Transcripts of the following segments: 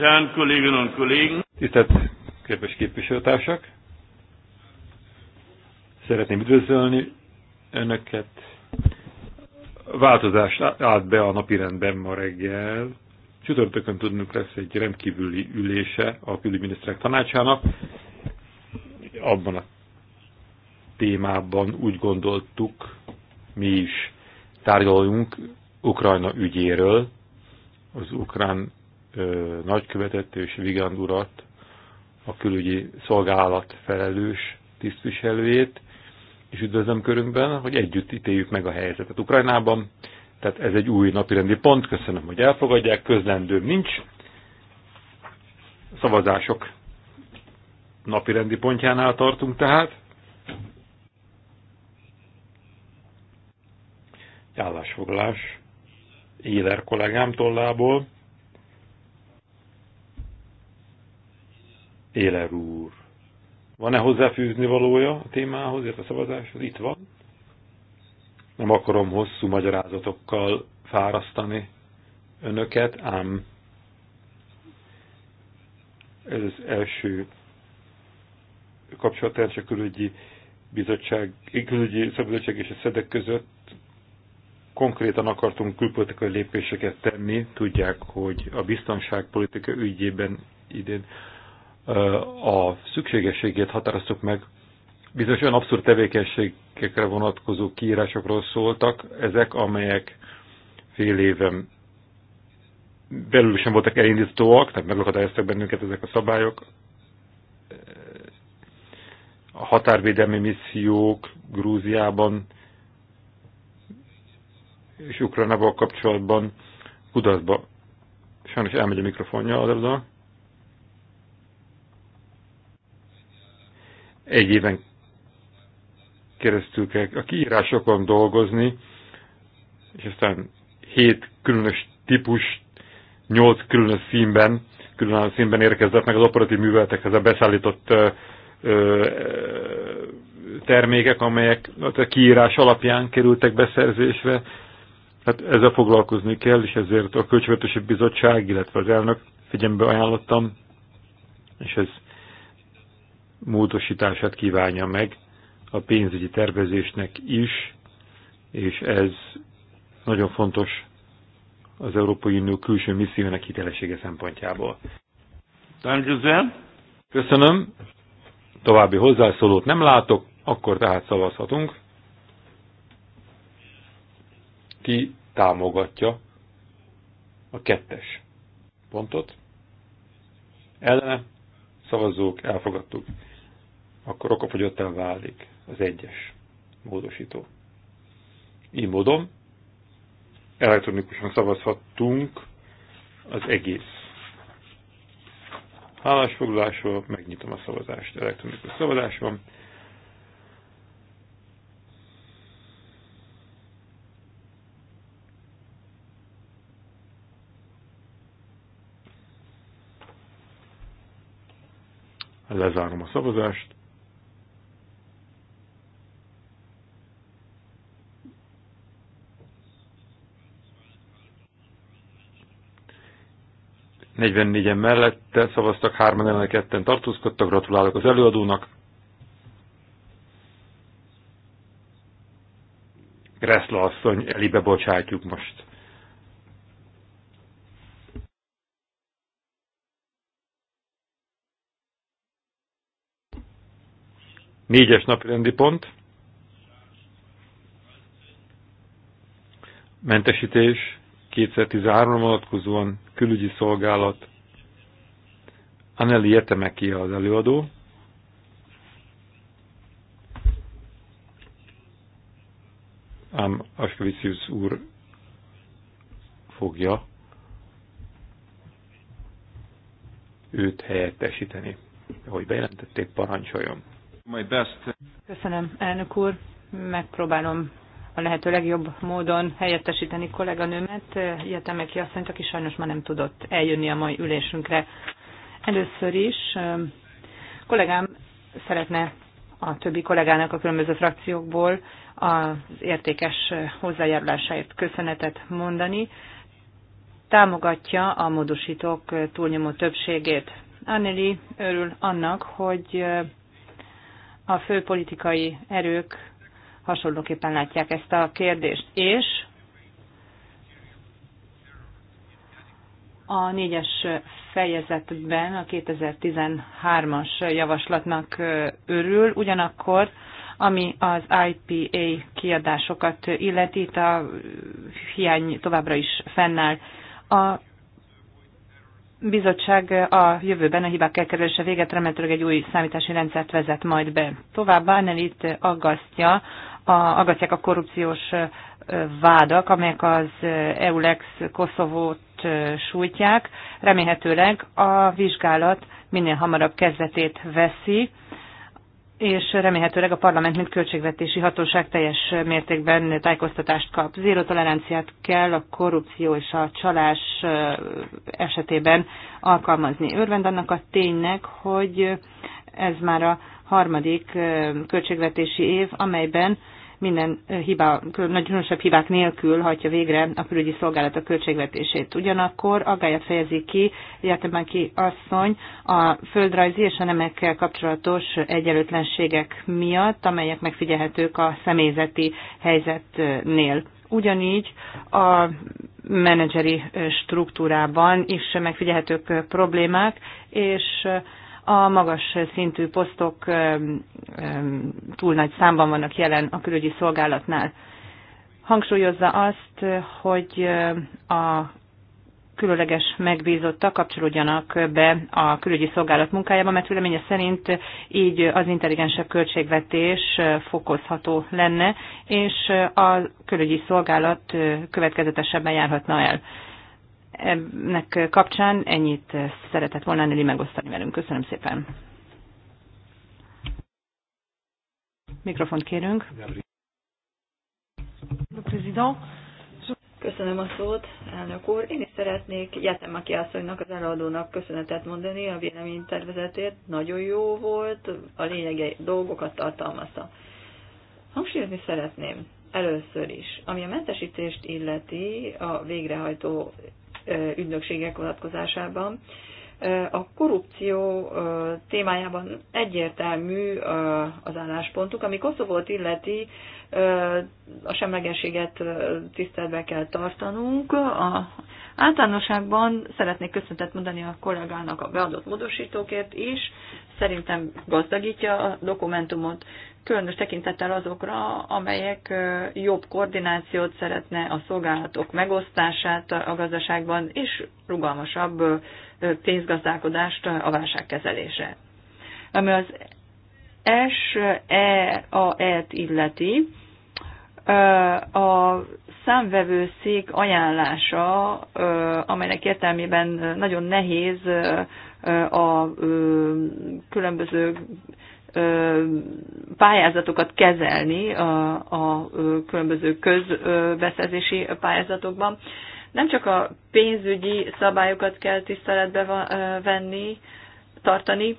Herren Kolleginnen und Kollegen! Tisztelt kedves képviselőtársak! Szeretném üdvözölni Önöket. Változás állt be a napirendben ma reggel. Csütörtökön tudnunk lesz egy rendkívüli ülése a külügyminiszterek tanácsának. Abban a témában úgy gondoltuk, mi is tárgyalunk Ukrajna ügyéről, az ukrán nagykövetett és Vigand urat, a külügyi szolgálat felelős tisztviselőjét, és üdvözlöm körünkben, hogy együtt ítéljük meg a helyzetet Ukrajnában. Tehát ez egy új napirendi pont, köszönöm, hogy elfogadják, közlendőm nincs. Szavazások napirendi pontjánál tartunk tehát. Állásfoglás Éler kollégám tollából Éler úr. Van-e hozzáfűzni valója a témához, illetve a szavazáshoz? Itt van. Nem akarom hosszú magyarázatokkal fárasztani önöket, ám ez az első kapcsolatrendszer a külügyi bizottság, külügyi szabadság és a szedek között konkrétan akartunk külpolitikai lépéseket tenni. Tudják, hogy a biztonságpolitika ügyében idén a szükségességét határoztuk meg, bizonyos olyan abszurd tevékenységekre vonatkozó kiírásokról szóltak, ezek, amelyek fél éven belül sem voltak elindítóak, tehát megakadályoztak bennünket ezek a szabályok. A határvédelmi missziók Grúziában és Ukrajnával kapcsolatban kudaszba. Sajnos elmegy a mikrofonja az előadó. egy éven keresztül kell a kiírásokon dolgozni, és aztán hét különös típus, nyolc különös színben, különös színben érkezett meg az operatív műveletekhez a beszállított ö, ö, termékek, amelyek hát a kiírás alapján kerültek beszerzésre. Hát ezzel foglalkozni kell, és ezért a Költségvetési Bizottság, illetve az elnök figyelembe ajánlottam, és ez módosítását kívánja meg a pénzügyi tervezésnek is, és ez nagyon fontos az Európai Unió külső missziónak hitelessége szempontjából. Köszönöm. További hozzászólót nem látok, akkor tehát szavazhatunk. Ki támogatja a kettes pontot? Ellene szavazók elfogadtuk akkor okafogyottá válik az egyes módosító. Így módon elektronikusan szavazhattunk az egész állásfoglalásról, megnyitom a szavazást, elektronikus szavazás van. Lezárom a szavazást. 44-en mellette szavaztak, 3 ellen ketten tartózkodtak, gratulálok az előadónak. Greszla asszony, elibe bocsátjuk most. Négyes napi rendi pont. Mentesítés 2013 vonatkozóan külügyi szolgálat. Anneli Jetemeki az előadó. Ám Askevicius úr fogja őt helyettesíteni. Ahogy bejelentették, parancsoljon. Köszönöm, elnök úr. Megpróbálom a lehető legjobb módon helyettesíteni kolléganőmet, Jetemeki asszonyt, aki sajnos már nem tudott eljönni a mai ülésünkre. Először is kollégám szeretne a többi kollégának a különböző frakciókból az értékes hozzájárulásáért köszönetet mondani. Támogatja a módosítók túlnyomó többségét. Anneli örül annak, hogy a főpolitikai erők hasonlóképpen látják ezt a kérdést. És a négyes fejezetben a 2013-as javaslatnak örül, ugyanakkor ami az IPA kiadásokat illeti, itt a hiány továbbra is fennáll. A bizottság a jövőben a hibák elkerülése véget remélhetőleg egy új számítási rendszert vezet majd be. Továbbá Annelit aggasztja a, agatják a korrupciós vádak, amelyek az EULEX Koszovót sújtják. Remélhetőleg a vizsgálat minél hamarabb kezdetét veszi, és remélhetőleg a parlament, mint költségvetési hatóság teljes mértékben tájékoztatást kap. Zéro toleranciát kell a korrupció és a csalás esetében alkalmazni. Örvend annak a ténynek, hogy ez már a harmadik költségvetési év, amelyben minden eh, hiba, nagyon különösebb hibák nélkül hagyja végre a külügyi szolgálat a költségvetését. Ugyanakkor aggályat fejezi ki Jatemáki asszony a földrajzi és a nemekkel kapcsolatos egyenlőtlenségek miatt, amelyek megfigyelhetők a személyzeti helyzetnél. Ugyanígy a menedzseri struktúrában is megfigyelhetők problémák, és a magas szintű posztok túl nagy számban vannak jelen a külügyi szolgálatnál. Hangsúlyozza azt, hogy a különleges megbízottak kapcsolódjanak be a külügyi szolgálat munkájába, mert véleménye szerint így az intelligensebb költségvetés fokozható lenne, és a külügyi szolgálat következetesebben járhatna el ennek kapcsán ennyit szeretett volna Nelly megosztani velünk. Köszönöm szépen. Mikrofont kérünk. Köszönöm a szót, elnök úr. Én is szeretnék Jetem Jatemaki asszonynak, az előadónak köszönetet mondani a véleménytervezetért. Nagyon jó volt, a lényege dolgokat tartalmazta. Hangsúlyozni szeretném először is, ami a mentesítést illeti a végrehajtó ügynökségek vonatkozásában. A korrupció témájában egyértelmű az álláspontuk. Ami Koszovót illeti, a semlegességet tiszteletbe kell tartanunk. A általánosságban szeretnék köszöntet mondani a kollégának a beadott módosítókért is, szerintem gazdagítja a dokumentumot, különös tekintettel azokra, amelyek jobb koordinációt szeretne, a szolgálatok megosztását a gazdaságban, és rugalmasabb pénzgazdálkodást a válságkezelésre. Ami az SEAE-t illeti, a számvevőszék ajánlása, amelynek értelmében nagyon nehéz a különböző pályázatokat kezelni a, a különböző közbeszerzési pályázatokban. Nem csak a pénzügyi szabályokat kell tiszteletbe venni, tartani,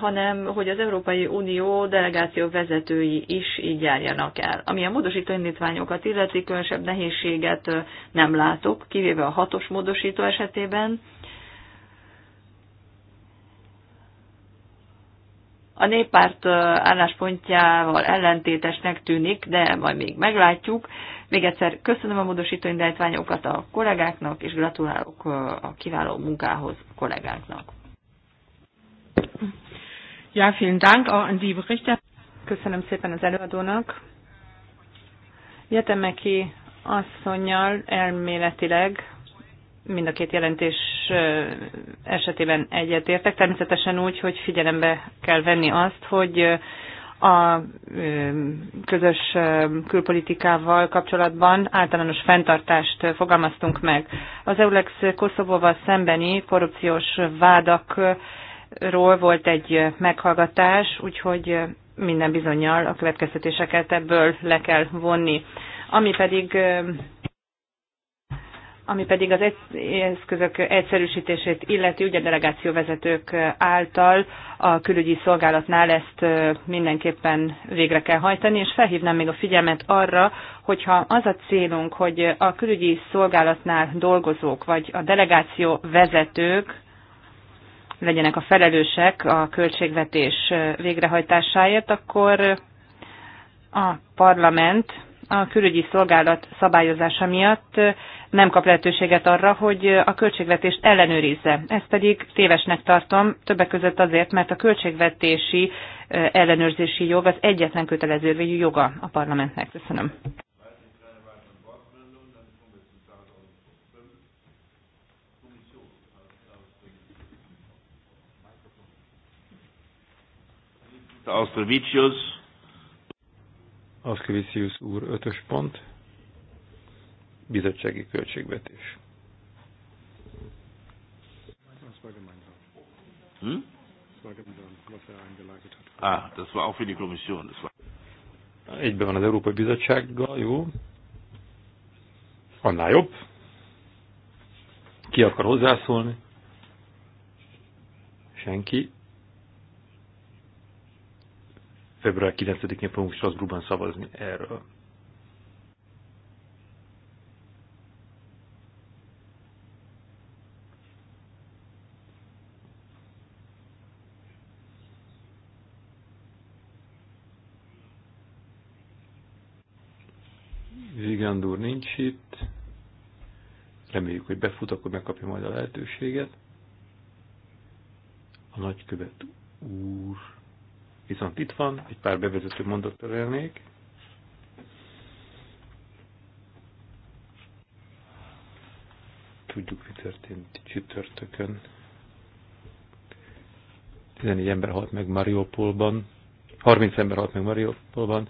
hanem hogy az Európai Unió delegáció vezetői is így járjanak el. Ami a módosító indítványokat illeti, különösebb nehézséget nem látok, kivéve a hatos módosító esetében, a néppárt álláspontjával ellentétesnek tűnik, de majd még meglátjuk. Még egyszer köszönöm a módosító indítványokat a kollégáknak, és gratulálok a kiváló munkához a kollégáknak. Ja, vielen Dank auch an die Berichter. Köszönöm szépen az előadónak. Jetemeki asszonynal elméletileg mind a két jelentés esetében egyetértek. Természetesen úgy, hogy figyelembe kell venni azt, hogy a közös külpolitikával kapcsolatban általános fenntartást fogalmaztunk meg. Az EULEX Koszovóval szembeni korrupciós vádakról volt egy meghallgatás, úgyhogy minden bizonyal a következtetéseket ebből le kell vonni. Ami pedig ami pedig az eszközök egyszerűsítését illeti, ugye delegációvezetők által a külügyi szolgálatnál ezt mindenképpen végre kell hajtani, és felhívnám még a figyelmet arra, hogyha az a célunk, hogy a külügyi szolgálatnál dolgozók, vagy a delegáció vezetők legyenek a felelősek a költségvetés végrehajtásáért, akkor a parlament a külügyi szolgálat szabályozása miatt nem kap lehetőséget arra, hogy a költségvetést ellenőrizze. Ezt pedig tévesnek tartom, többek között azért, mert a költségvetési eh, ellenőrzési jog az egyetlen kötelező joga a parlamentnek. Köszönöm. Austrovicius. úr, ötös pont bizottsági költségvetés. Hm? Ah, das war auch für die Kommission. Das war... Egyben van az Európai Bizottsággal, jó. Annál jobb. Ki akar hozzászólni? Senki. Február 9-én fogunk Strasbourgban szavazni erről. befut, akkor megkapja majd a lehetőséget. A nagykövet úr viszont itt van, egy pár bevezető mondat élnék. Tudjuk, mi történt csütörtökön. 14 ember halt meg Mariupolban, 30 ember halt meg Mariupolban,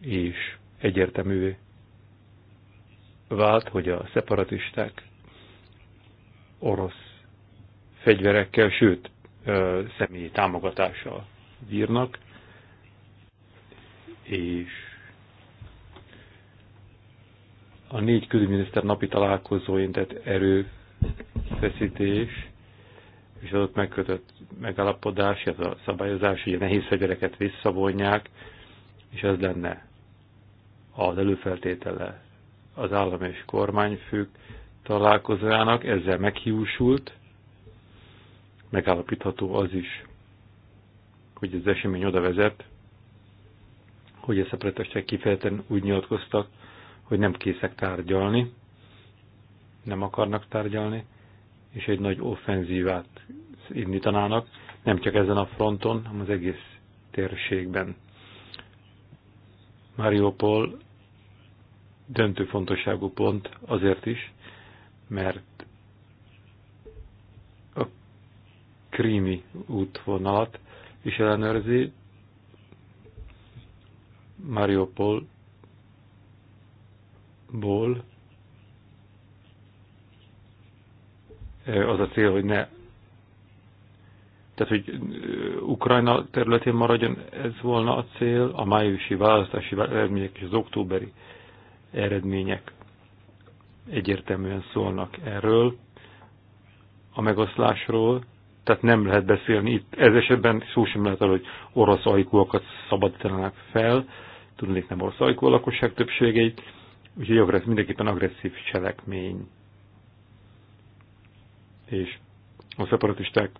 és egyértelművé vált, hogy a szeparatisták orosz fegyverekkel, sőt, személyi támogatással bírnak, és a négy külügyminiszter napi találkozóin tett erőfeszítés, és az ott megkötött megállapodás, ez a szabályozás, hogy a nehéz fegyvereket visszavonják, és ez lenne az előfeltétele az állam és kormányfők találkozójának, ezzel meghiúsult, megállapítható az is, hogy az esemény oda vezet, hogy a szepretesek kifejezetten úgy nyilatkoztak, hogy nem készek tárgyalni, nem akarnak tárgyalni, és egy nagy offenzívát indítanának, nem csak ezen a fronton, hanem az egész térségben. Mariupol döntő fontosságú pont azért is, mert a krími útvonalat is ellenőrzi Mariupolból az a cél, hogy ne tehát, hogy Ukrajna területén maradjon, ez volna a cél, a májusi választási eredmények és az októberi eredmények egyértelműen szólnak erről, a megoszlásról, tehát nem lehet beszélni itt, ez esetben szó sem lehet arra, hogy orosz ajkúakat szabadítanának fel, tudnék nem orosz ajkú a lakosság többségeit, úgyhogy jogra ez mindenképpen agresszív cselekmény. És a szeparatisták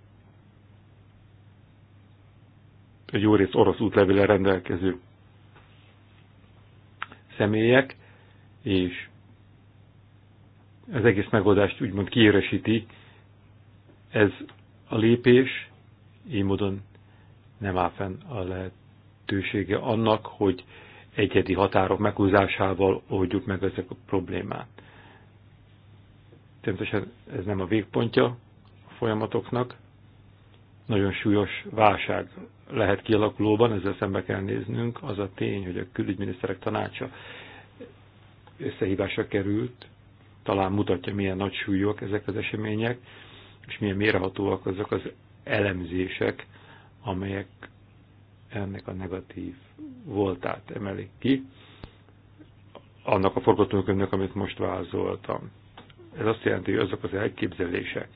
egy jó rész orosz útlevéle rendelkező személyek, és az egész megoldást úgymond kiéresíti. Ez a lépés így módon nem áll fenn a lehetősége annak, hogy egyedi határok meghúzásával oldjuk meg ezek a problémát. Természetesen ez nem a végpontja a folyamatoknak. Nagyon súlyos válság lehet kialakulóban, ezzel szembe kell néznünk. Az a tény, hogy a külügyminiszterek tanácsa összehívásra került, talán mutatja, milyen nagy súlyok ezek az események, és milyen mérhatóak azok az elemzések, amelyek ennek a negatív voltát emelik ki, annak a forgatókönyvnek, amit most vázoltam. Ez azt jelenti, hogy azok az elképzelések,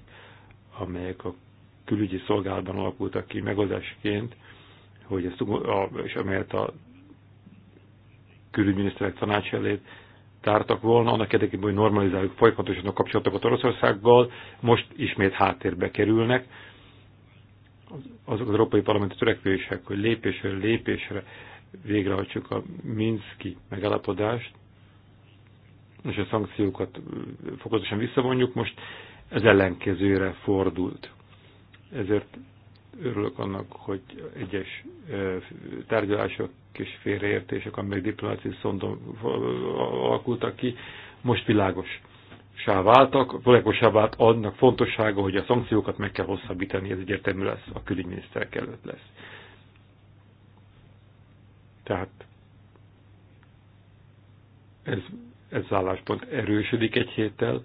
amelyek a külügyi szolgálatban alakultak ki megoldásként, hogy ezt, a, és amelyet a külügyminiszterek tanács elét tártak volna, annak érdekében, hogy normalizáljuk folyamatosan a kapcsolatokat Oroszországgal, most ismét háttérbe kerülnek. Azok az Európai Parlamenti törekvések, hogy lépésről lépésre végrehajtsuk a Minszki megállapodást, és a szankciókat fokozatosan visszavonjuk, most ez ellenkezőre fordult. Ezért örülök annak, hogy egyes tárgyalások és félreértések, amelyek diplomáciai szondon alakultak ki, most világos sá váltak, világosá vált annak fontossága, hogy a szankciókat meg kell hosszabbítani, ez egyértelmű lesz, a külügyminiszterek előtt lesz. Tehát ez, ez álláspont erősödik egy héttel,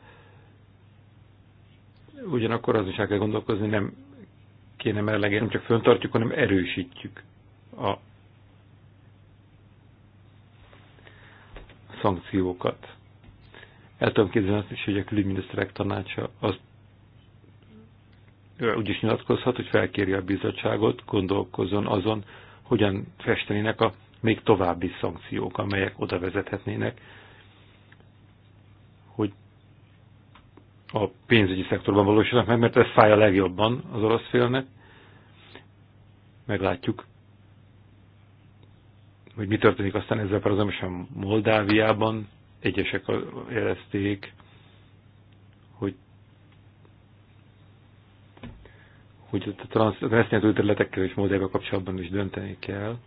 ugyanakkor azon is el kell gondolkozni, nem kéne merlegezni, nem csak föntartjuk, hanem erősítjük a szankciókat. El tudom képzelni azt is, hogy a külügyminiszterek tanácsa azt úgy is nyilatkozhat, hogy felkéri a bizottságot, gondolkozzon azon, hogyan festenének a még további szankciók, amelyek oda vezethetnének, a pénzügyi szektorban valósulnak meg, mert ez fáj a legjobban az orosz félnek. Meglátjuk, hogy mi történik aztán ezzel párhuzamosan Moldáviában. Egyesek jelezték, hogy hogy a transznyelző területekkel és Moldávia kapcsolatban is dönteni kell.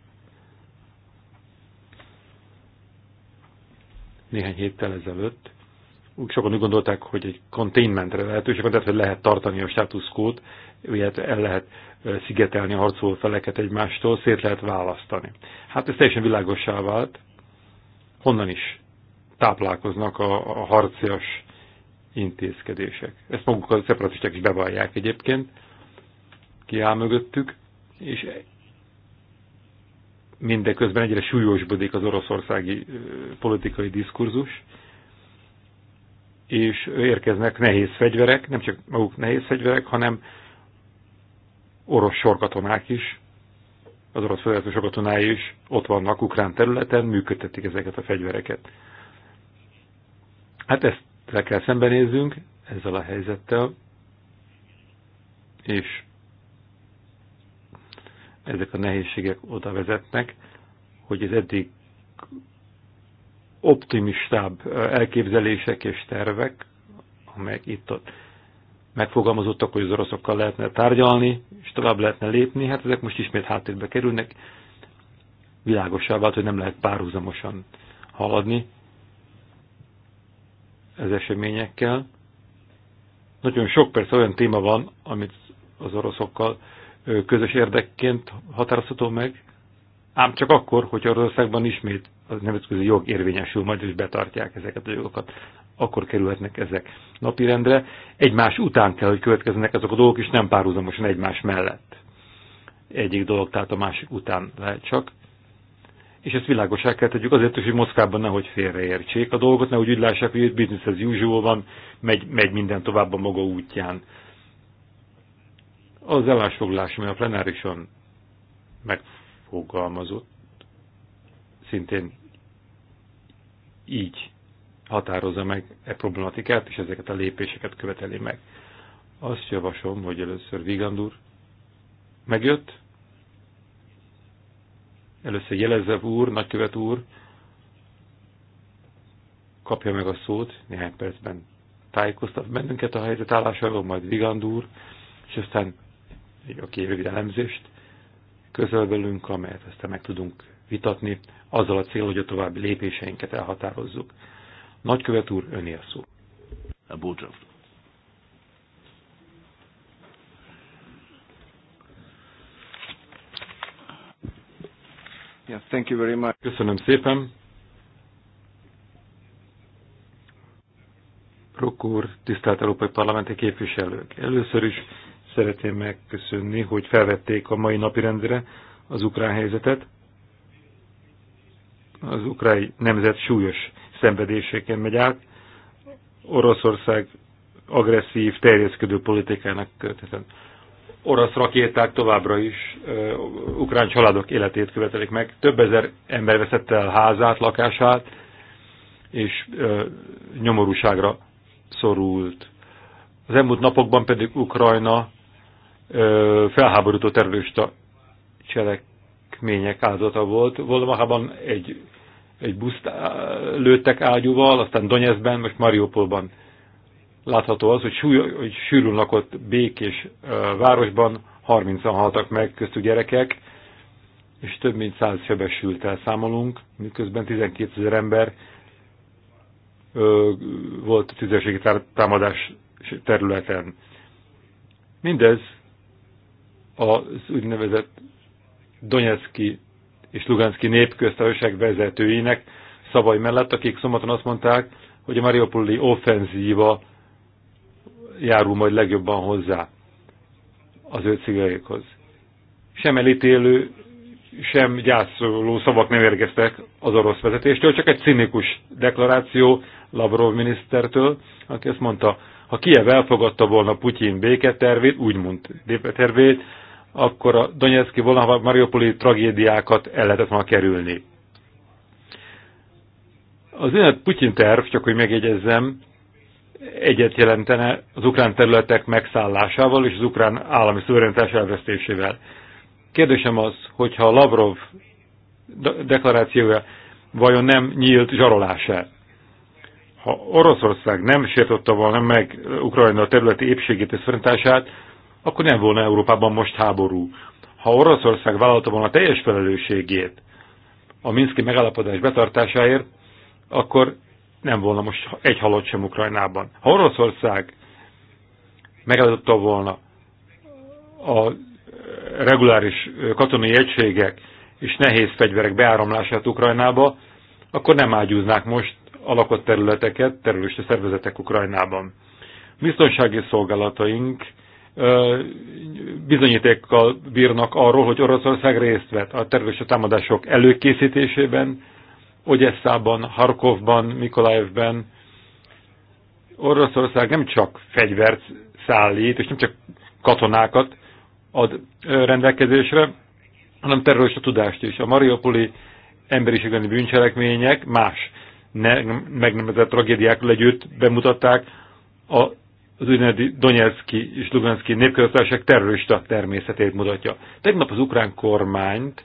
Néhány héttel ezelőtt sokan úgy gondolták, hogy egy containmentre lehetőség van, tehát hogy lehet tartani a quo-t, el lehet szigetelni a harcoló feleket egymástól, szét lehet választani. Hát ez teljesen világosá vált, honnan is táplálkoznak a, a harcias intézkedések. Ezt maguk a szeparatisták is bevallják egyébként, kiáll mögöttük, és mindeközben egyre súlyosbodik az oroszországi politikai diskurzus, és érkeznek nehéz fegyverek, nem csak maguk nehéz fegyverek, hanem orosz sorkatonák is, az orosz federáció sorkatonái is ott vannak ukrán területen, működtetik ezeket a fegyvereket. Hát ezt le kell szembenézzünk ezzel a helyzettel, és ezek a nehézségek oda vezetnek, hogy az eddig optimistább elképzelések és tervek, amelyek itt ott megfogalmazottak, hogy az oroszokkal lehetne tárgyalni, és tovább lehetne lépni, hát ezek most ismét háttérbe kerülnek. világosá vált, hogy nem lehet párhuzamosan haladni ez eseményekkel. Nagyon sok persze olyan téma van, amit az oroszokkal közös érdekként határozható meg, ám csak akkor, hogy Oroszországban ismét a nemzetközi jog érvényesül, majd is betartják ezeket a jogokat, akkor kerülhetnek ezek napirendre. Egymás után kell, hogy következzenek ezek a dolgok, és nem párhuzamosan egymás mellett. Egyik dolog, tehát a másik után lehet csak. És ezt világosá kell tegyük azért, hogy Moszkvában nehogy félreértsék a dolgot, nehogy úgy lássák, hogy business as usual van, megy, megy minden tovább a maga útján. Az állásfoglalás, ami a plenárison megfogalmazott, szintén így határozza meg e problematikát, és ezeket a lépéseket követeli meg. Azt javaslom, hogy először Vigandur megjött, először Jelezev úr, nagykövet úr, kapja meg a szót, néhány percben tájékoztat bennünket a helyzet állásáról, majd vigandur, és aztán egy oké, rövid elemzést közöl velünk, amelyet aztán meg tudunk vitatni, azzal a cél, hogy a további lépéseinket elhatározzuk. Nagykövet úr, öné a szó. A búcsúft. Yeah, thank you very much. Köszönöm szépen. Prokúr, tisztelt Európai Parlamenti képviselők! Először is szeretném megköszönni, hogy felvették a mai rendre az ukrán helyzetet az ukrai nemzet súlyos szenvedéseken megy át. Oroszország agresszív, terjeszkedő politikának köthetően. Orosz rakéták továbbra is uh, ukrán családok életét követelik meg. Több ezer ember veszette el házát, lakását, és uh, nyomorúságra szorult. Az elmúlt napokban pedig Ukrajna uh, felháborító terrorista cselek cselekmények áldozata volt. Volomahában egy, egy buszt lőttek ágyúval, aztán Donetskben, most Mariupolban látható az, hogy, súly, hogy sűrűn lakott békés városban 30-an haltak meg, köztük gyerekek, és több mint 100 sebesült elszámolunk, miközben 12 ezer ember ö, volt a tüzérségi támadás területen. Mindez az úgynevezett Donetszki és Luganszki népköztársaság vezetőinek szavai mellett, akik szombaton azt mondták, hogy a Mariupoli offenzíva járul majd legjobban hozzá az ő cigaikhoz. Sem elítélő, sem gyászoló szavak nem érkeztek az orosz vezetéstől, csak egy cinikus deklaráció Lavrov minisztertől, aki azt mondta, ha Kiev elfogadta volna Putyin béketervét, úgymond tervét, akkor a Donetszki, a Mariupoli tragédiákat el lehetett volna kerülni. Az én Putyin terv, csak hogy megjegyezzem, egyet jelentene az ukrán területek megszállásával és az ukrán állami szuverenitás elvesztésével. Kérdésem az, hogyha Lavrov deklarációja vajon nem nyílt zsarolása? Ha Oroszország nem sértotta volna meg Ukrajna területi épségét és szuverenitását, akkor nem volna Európában most háború. Ha Oroszország vállalta volna teljes felelősségét a Minszki megállapodás betartásáért, akkor nem volna most egy halott sem Ukrajnában. Ha Oroszország megállította volna a reguláris katonai egységek és nehéz fegyverek beáramlását Ukrajnába, akkor nem ágyúznák most a lakott területeket terülőste szervezetek Ukrajnában. Biztonsági szolgálataink bizonyítékkal bírnak arról, hogy Oroszország részt vett a terrorista támadások előkészítésében, Ogyesszában, Harkovban, Mikolajevben. Oroszország nem csak fegyvert szállít, és nem csak katonákat ad rendelkezésre, hanem terrorista tudást is. A Mariupoli emberiségeni bűncselekmények más ne, megnevezett tragédiákkal együtt bemutatták a az úgynevezett Donetszki és Luganszki népköztársaság terrorista természetét mutatja. Tegnap az ukrán kormányt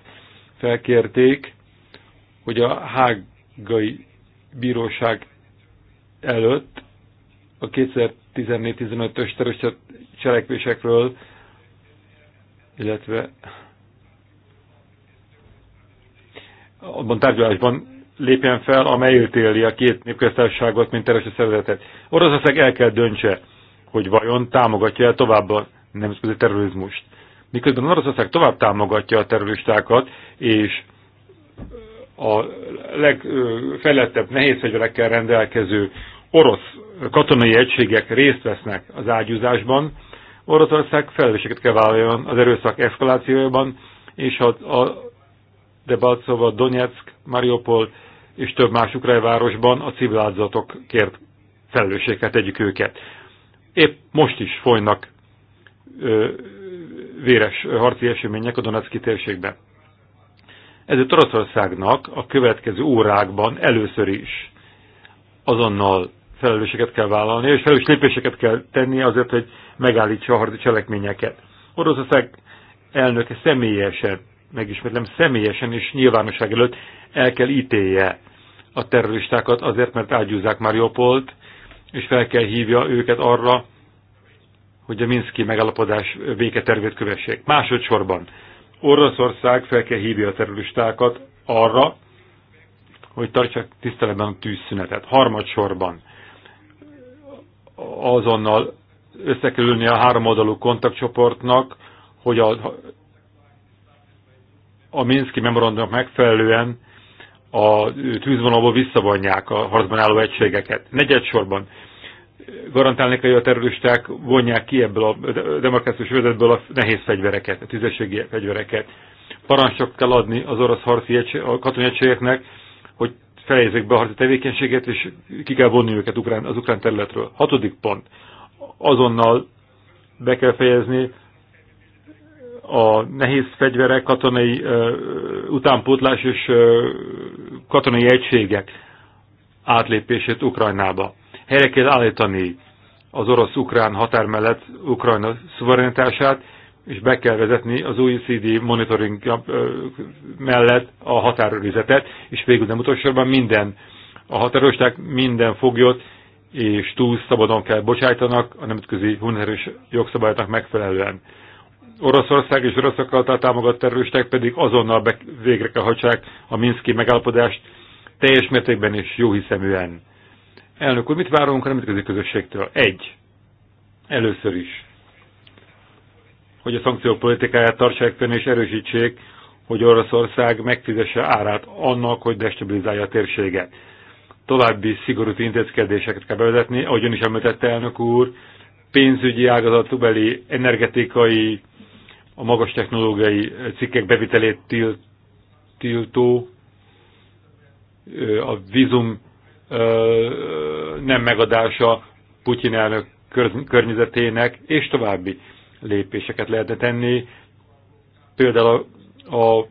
felkérték, hogy a hágai bíróság előtt a 2014-15-ös terrorista cselekvésekről, illetve abban tárgyalásban lépjen fel, amely ítéli a két népköztársaságot, mint terrorista szervezetet. Oroszország el kell döntse, hogy vajon támogatja-e tovább a nemzetközi terrorizmust. Miközben Oroszország tovább támogatja a terroristákat, és a legfejlettebb fegyverekkel rendelkező orosz katonai egységek részt vesznek az ágyúzásban, Oroszország felelősséget kell vállaljon az erőszak eszkalációjában, és a, a Debalcova, Donetsk, Mariupol és több más ukrán városban a civil áldozatokért felelősséget tegyük őket. Épp most is folynak ö, véres harci események a Donetszki térségben. Ezért Oroszországnak a következő órákban először is azonnal felelősséget kell vállalni, és felelős lépéseket kell tenni azért, hogy megállítsa a harci cselekményeket. Oroszország elnöke személyesen, megismétlem személyesen és nyilvánosság előtt el kell ítélje a terroristákat azért, mert ágyúzzák Mariupolt, és fel kell hívja őket arra, hogy a Minszki megállapodás béketervét kövessék. Másodszorban Oroszország fel kell hívja a terroristákat arra, hogy tartsák tiszteletben a tűzszünetet. Harmadsorban azonnal ülni a oldalú kontaktcsoportnak, hogy a, a Minszki memorandumnak megfelelően a tűzvonalból visszavonják a harcban álló egységeket. Negyedsorban garantálni kell, hogy a terroristák vonják ki ebből a demarkációs vezetből a nehéz fegyvereket, a tüzességi fegyvereket. Parancsok kell adni az orosz harci egység, a katonai egységeknek, hogy fejezzék be a harci tevékenységet, és ki kell vonni őket az ukrán területről. Hatodik pont. Azonnal be kell fejezni a nehéz fegyverek, katonai utánpótlás és katonai egységek átlépését Ukrajnába. Helyre kell állítani az orosz-ukrán határ mellett Ukrajna szuverenitását, és be kell vezetni az OECD monitoring mellett a határőrizetet, és végül nem utolsóban minden, a határőrösták minden foglyot és túl szabadon kell bocsájtanak a nemzetközi hunerős jogszabályoknak megfelelően. Oroszország és oroszok által támogatott terroristák pedig azonnal be, végre kell hagyják a Minszki megállapodást teljes mértékben és jóhiszeműen. Elnök úr, mit várunk a nemzetközi közösségtől? Egy. Először is. Hogy a szankciók politikáját tartsák fenn és erősítsék, hogy Oroszország megfizesse árát annak, hogy destabilizálja a térséget. További szigorú intézkedéseket kell bevezetni, ahogy ön is említette elnök úr, pénzügyi ágazatú beli energetikai a magas technológiai cikkek bevitelét tilt, tiltó, a vízum nem megadása Putyin elnök környezetének, és további lépéseket lehetne tenni. Például a,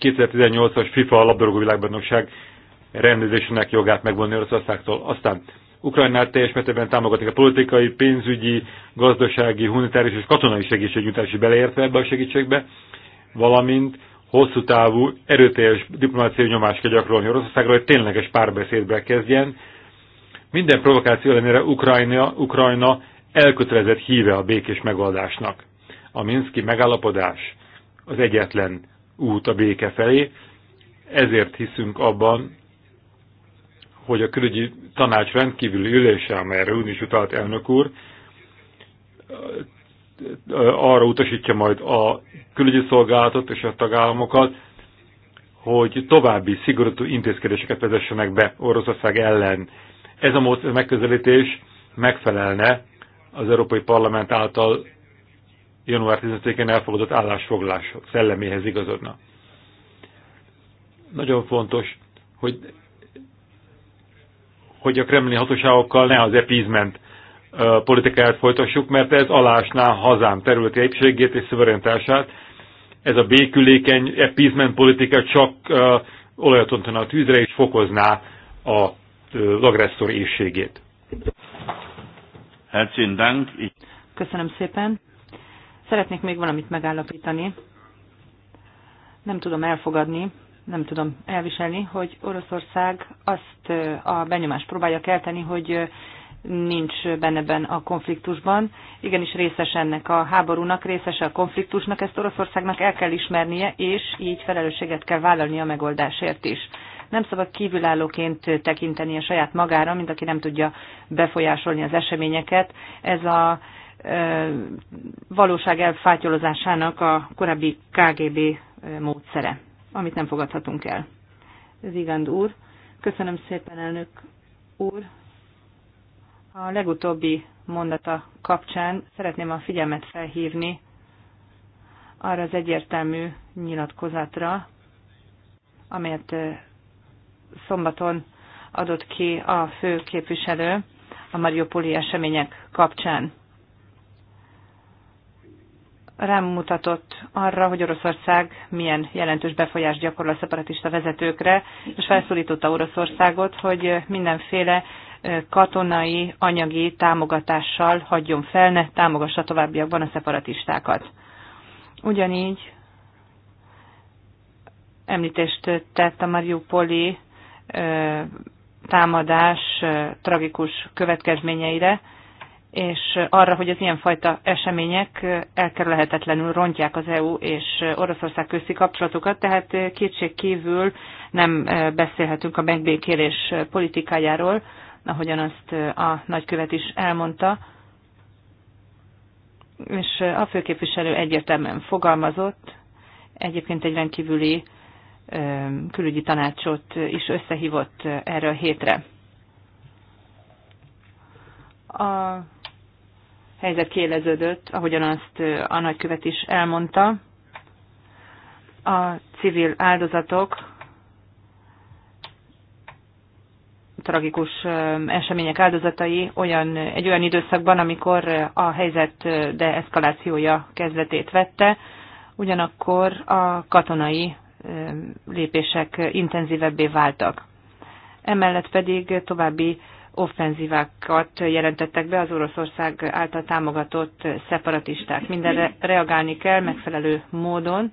2018-as FIFA labdarúgó világbajnokság rendezésének jogát megvonni Oroszországtól. Aztán Ukrajnát teljes mértékben támogatják a politikai, pénzügyi, gazdasági, humanitárius és katonai segítségnyújtási beleértve ebbe a segítségbe, valamint hosszú távú, erőteljes diplomáciai nyomás kell gyakorolni Oroszországra, hogy tényleges párbeszédbe kezdjen. Minden provokáció ellenére Ukrajna, Ukrajna elkötelezett híve a békés megoldásnak. A Minszki megállapodás az egyetlen út a béke felé, ezért hiszünk abban, hogy a külügyi tanács rendkívüli ülése, amelyre úgy is utalt elnök úr, arra utasítja majd a külügyi szolgálatot és a tagállamokat, hogy további szigorú intézkedéseket vezessenek be Oroszország ellen. Ez a megközelítés megfelelne az Európai Parlament által január 15-én elfogadott állásfoglalás szelleméhez igazodna. Nagyon fontos, hogy hogy a kremlin hatóságokkal ne az epizment politikáját folytassuk, mert ez alásná hazám területi épségét és szuverenitását. Ez a békülékeny epizment politika csak olajat öntene a tűzre és fokozná a az agresszor éjségét. Dank. Köszönöm szépen. Szeretnék még valamit megállapítani. Nem tudom elfogadni, nem tudom elviselni, hogy Oroszország azt a benyomást próbálja kelteni, hogy nincs benne ben a konfliktusban. Igenis részes ennek a háborúnak, részes a konfliktusnak, ezt Oroszországnak el kell ismernie, és így felelősséget kell vállalni a megoldásért is. Nem szabad kívülállóként tekinteni a saját magára, mint aki nem tudja befolyásolni az eseményeket. Ez a e, valóság elfátyolozásának a korábbi KGB módszere amit nem fogadhatunk el. Vigand úr, köszönöm szépen, elnök úr. A legutóbbi mondata kapcsán szeretném a figyelmet felhívni arra az egyértelmű nyilatkozatra, amelyet szombaton adott ki a fő képviselő a Mariupoli események kapcsán mutatott arra, hogy Oroszország milyen jelentős befolyást gyakorol a szeparatista vezetőkre, és felszólította Oroszországot, hogy mindenféle katonai, anyagi támogatással hagyjon fel, ne támogassa továbbiakban a szeparatistákat. Ugyanígy említést tett a Mariupoli támadás tragikus következményeire, és arra, hogy az ilyenfajta események elkerülhetetlenül rontják az EU és Oroszország közti kapcsolatokat, tehát kétség kívül nem eh, beszélhetünk a megbékélés politikájáról, ahogyan azt eh, a nagykövet is elmondta, és eh, a főképviselő egyértelműen fogalmazott, egyébként egy rendkívüli külügyi tanácsot is összehívott erre a hétre. A helyzet kéleződött, ahogyan azt a nagykövet is elmondta. A civil áldozatok tragikus események áldozatai olyan, egy olyan időszakban, amikor a helyzet de eskalációja kezdetét vette, ugyanakkor a katonai lépések intenzívebbé váltak. Emellett pedig további offenzívákat jelentettek be az Oroszország által támogatott szeparatisták. Mindenre reagálni kell megfelelő módon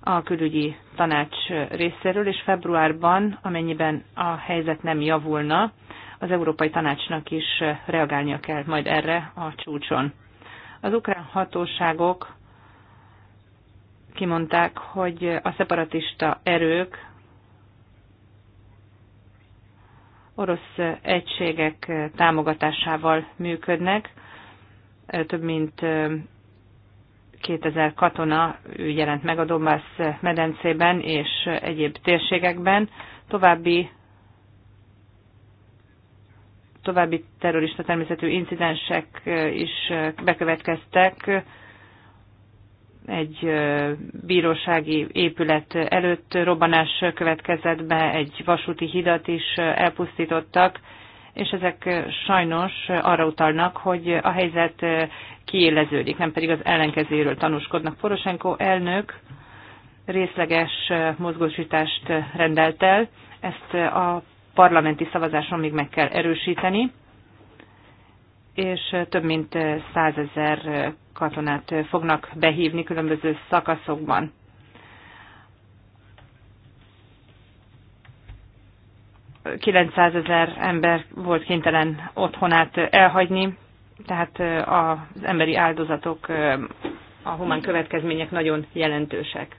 a külügyi tanács részéről, és februárban, amennyiben a helyzet nem javulna, az Európai Tanácsnak is reagálnia kell majd erre a csúcson. Az ukrán hatóságok kimondták, hogy a szeparatista erők orosz egységek támogatásával működnek. Több mint 2000 katona jelent meg a Dombász medencében és egyéb térségekben. További további terrorista természetű incidensek is bekövetkeztek egy bírósági épület előtt robbanás következett be, egy vasúti hidat is elpusztítottak, és ezek sajnos arra utalnak, hogy a helyzet kiéleződik, nem pedig az ellenkezőről tanúskodnak. Poroshenko elnök részleges mozgósítást rendelt el, ezt a parlamenti szavazáson még meg kell erősíteni és több mint százezer katonát fognak behívni különböző szakaszokban. ezer ember volt kénytelen otthonát elhagyni, tehát az emberi áldozatok, a humán következmények nagyon jelentősek.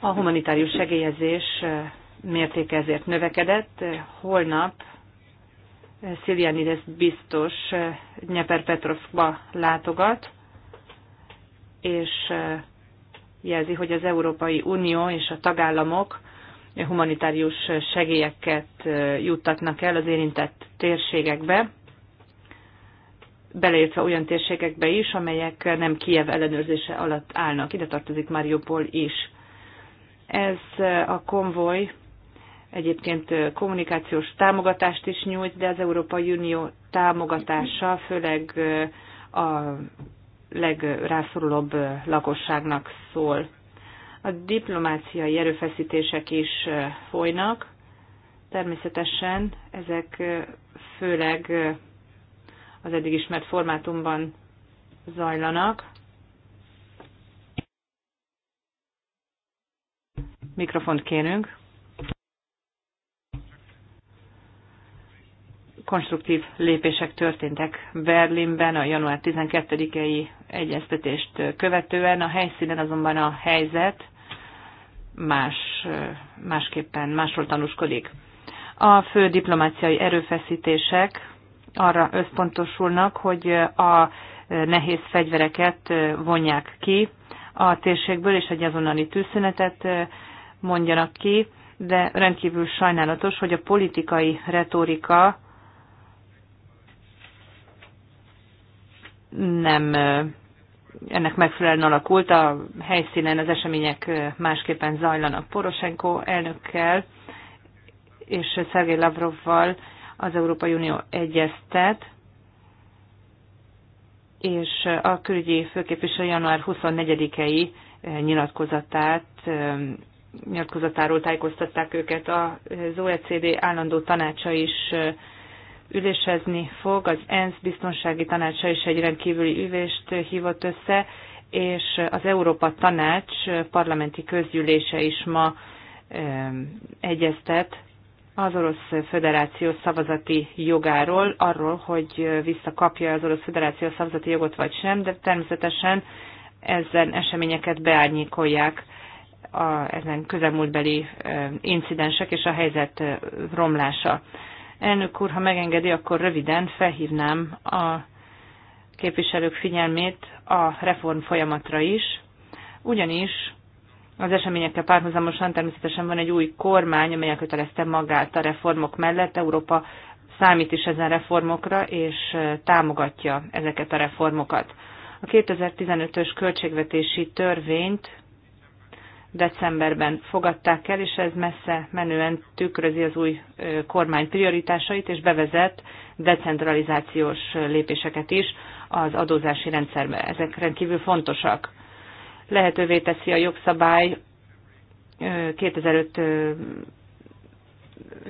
A humanitárius segélyezés mértéke ezért növekedett. Holnap Szilianides biztos Petrovba látogat, és jelzi, hogy az Európai Unió és a tagállamok humanitárius segélyeket juttatnak el az érintett térségekbe, beleértve olyan térségekbe is, amelyek nem Kiev ellenőrzése alatt állnak. Ide tartozik Mariupol is. Ez a konvoj egyébként kommunikációs támogatást is nyújt, de az Európai Unió támogatása főleg a legrászorulóbb lakosságnak szól. A diplomáciai erőfeszítések is folynak, természetesen ezek főleg az eddig ismert formátumban zajlanak. Mikrofont kérünk. konstruktív lépések történtek Berlinben a január 12-i egyeztetést követően. A helyszínen azonban a helyzet más, másképpen másról tanúskodik. A fő diplomáciai erőfeszítések arra összpontosulnak, hogy a nehéz fegyvereket vonják ki a térségből, és egy azonnali tűzszünetet mondjanak ki, de rendkívül sajnálatos, hogy a politikai retorika nem ennek megfelelően alakult. A helyszínen az események másképpen zajlanak Poroshenko elnökkel és Szergei Lavrovval az Európai Unió egyeztet, és a külügyi főképviselő január 24-i nyilatkozatát, nyilatkozatáról tájékoztatták őket. Az OECD állandó tanácsa is ülésezni fog, az ENSZ biztonsági tanácsa is egy rendkívüli ülést hívott össze, és az Európa Tanács parlamenti közgyűlése is ma egyeztet az Orosz Föderáció szavazati jogáról, arról, hogy visszakapja az Orosz Föderáció szavazati jogot vagy sem, de természetesen ezen eseményeket beárnyékolják a, ezen közelmúltbeli incidensek és a helyzet romlása. Elnök úr, ha megengedi, akkor röviden felhívnám a képviselők figyelmét a reform folyamatra is, ugyanis az eseményekkel párhuzamosan természetesen van egy új kormány, amely kötelezte magát a reformok mellett. Európa számít is ezen reformokra, és támogatja ezeket a reformokat. A 2015-ös költségvetési törvényt decemberben fogadták el, és ez messze menően tükrözi az új kormány prioritásait, és bevezet decentralizációs lépéseket is az adózási rendszerbe. Ezek rendkívül fontosak. Lehetővé teszi a jogszabály 2005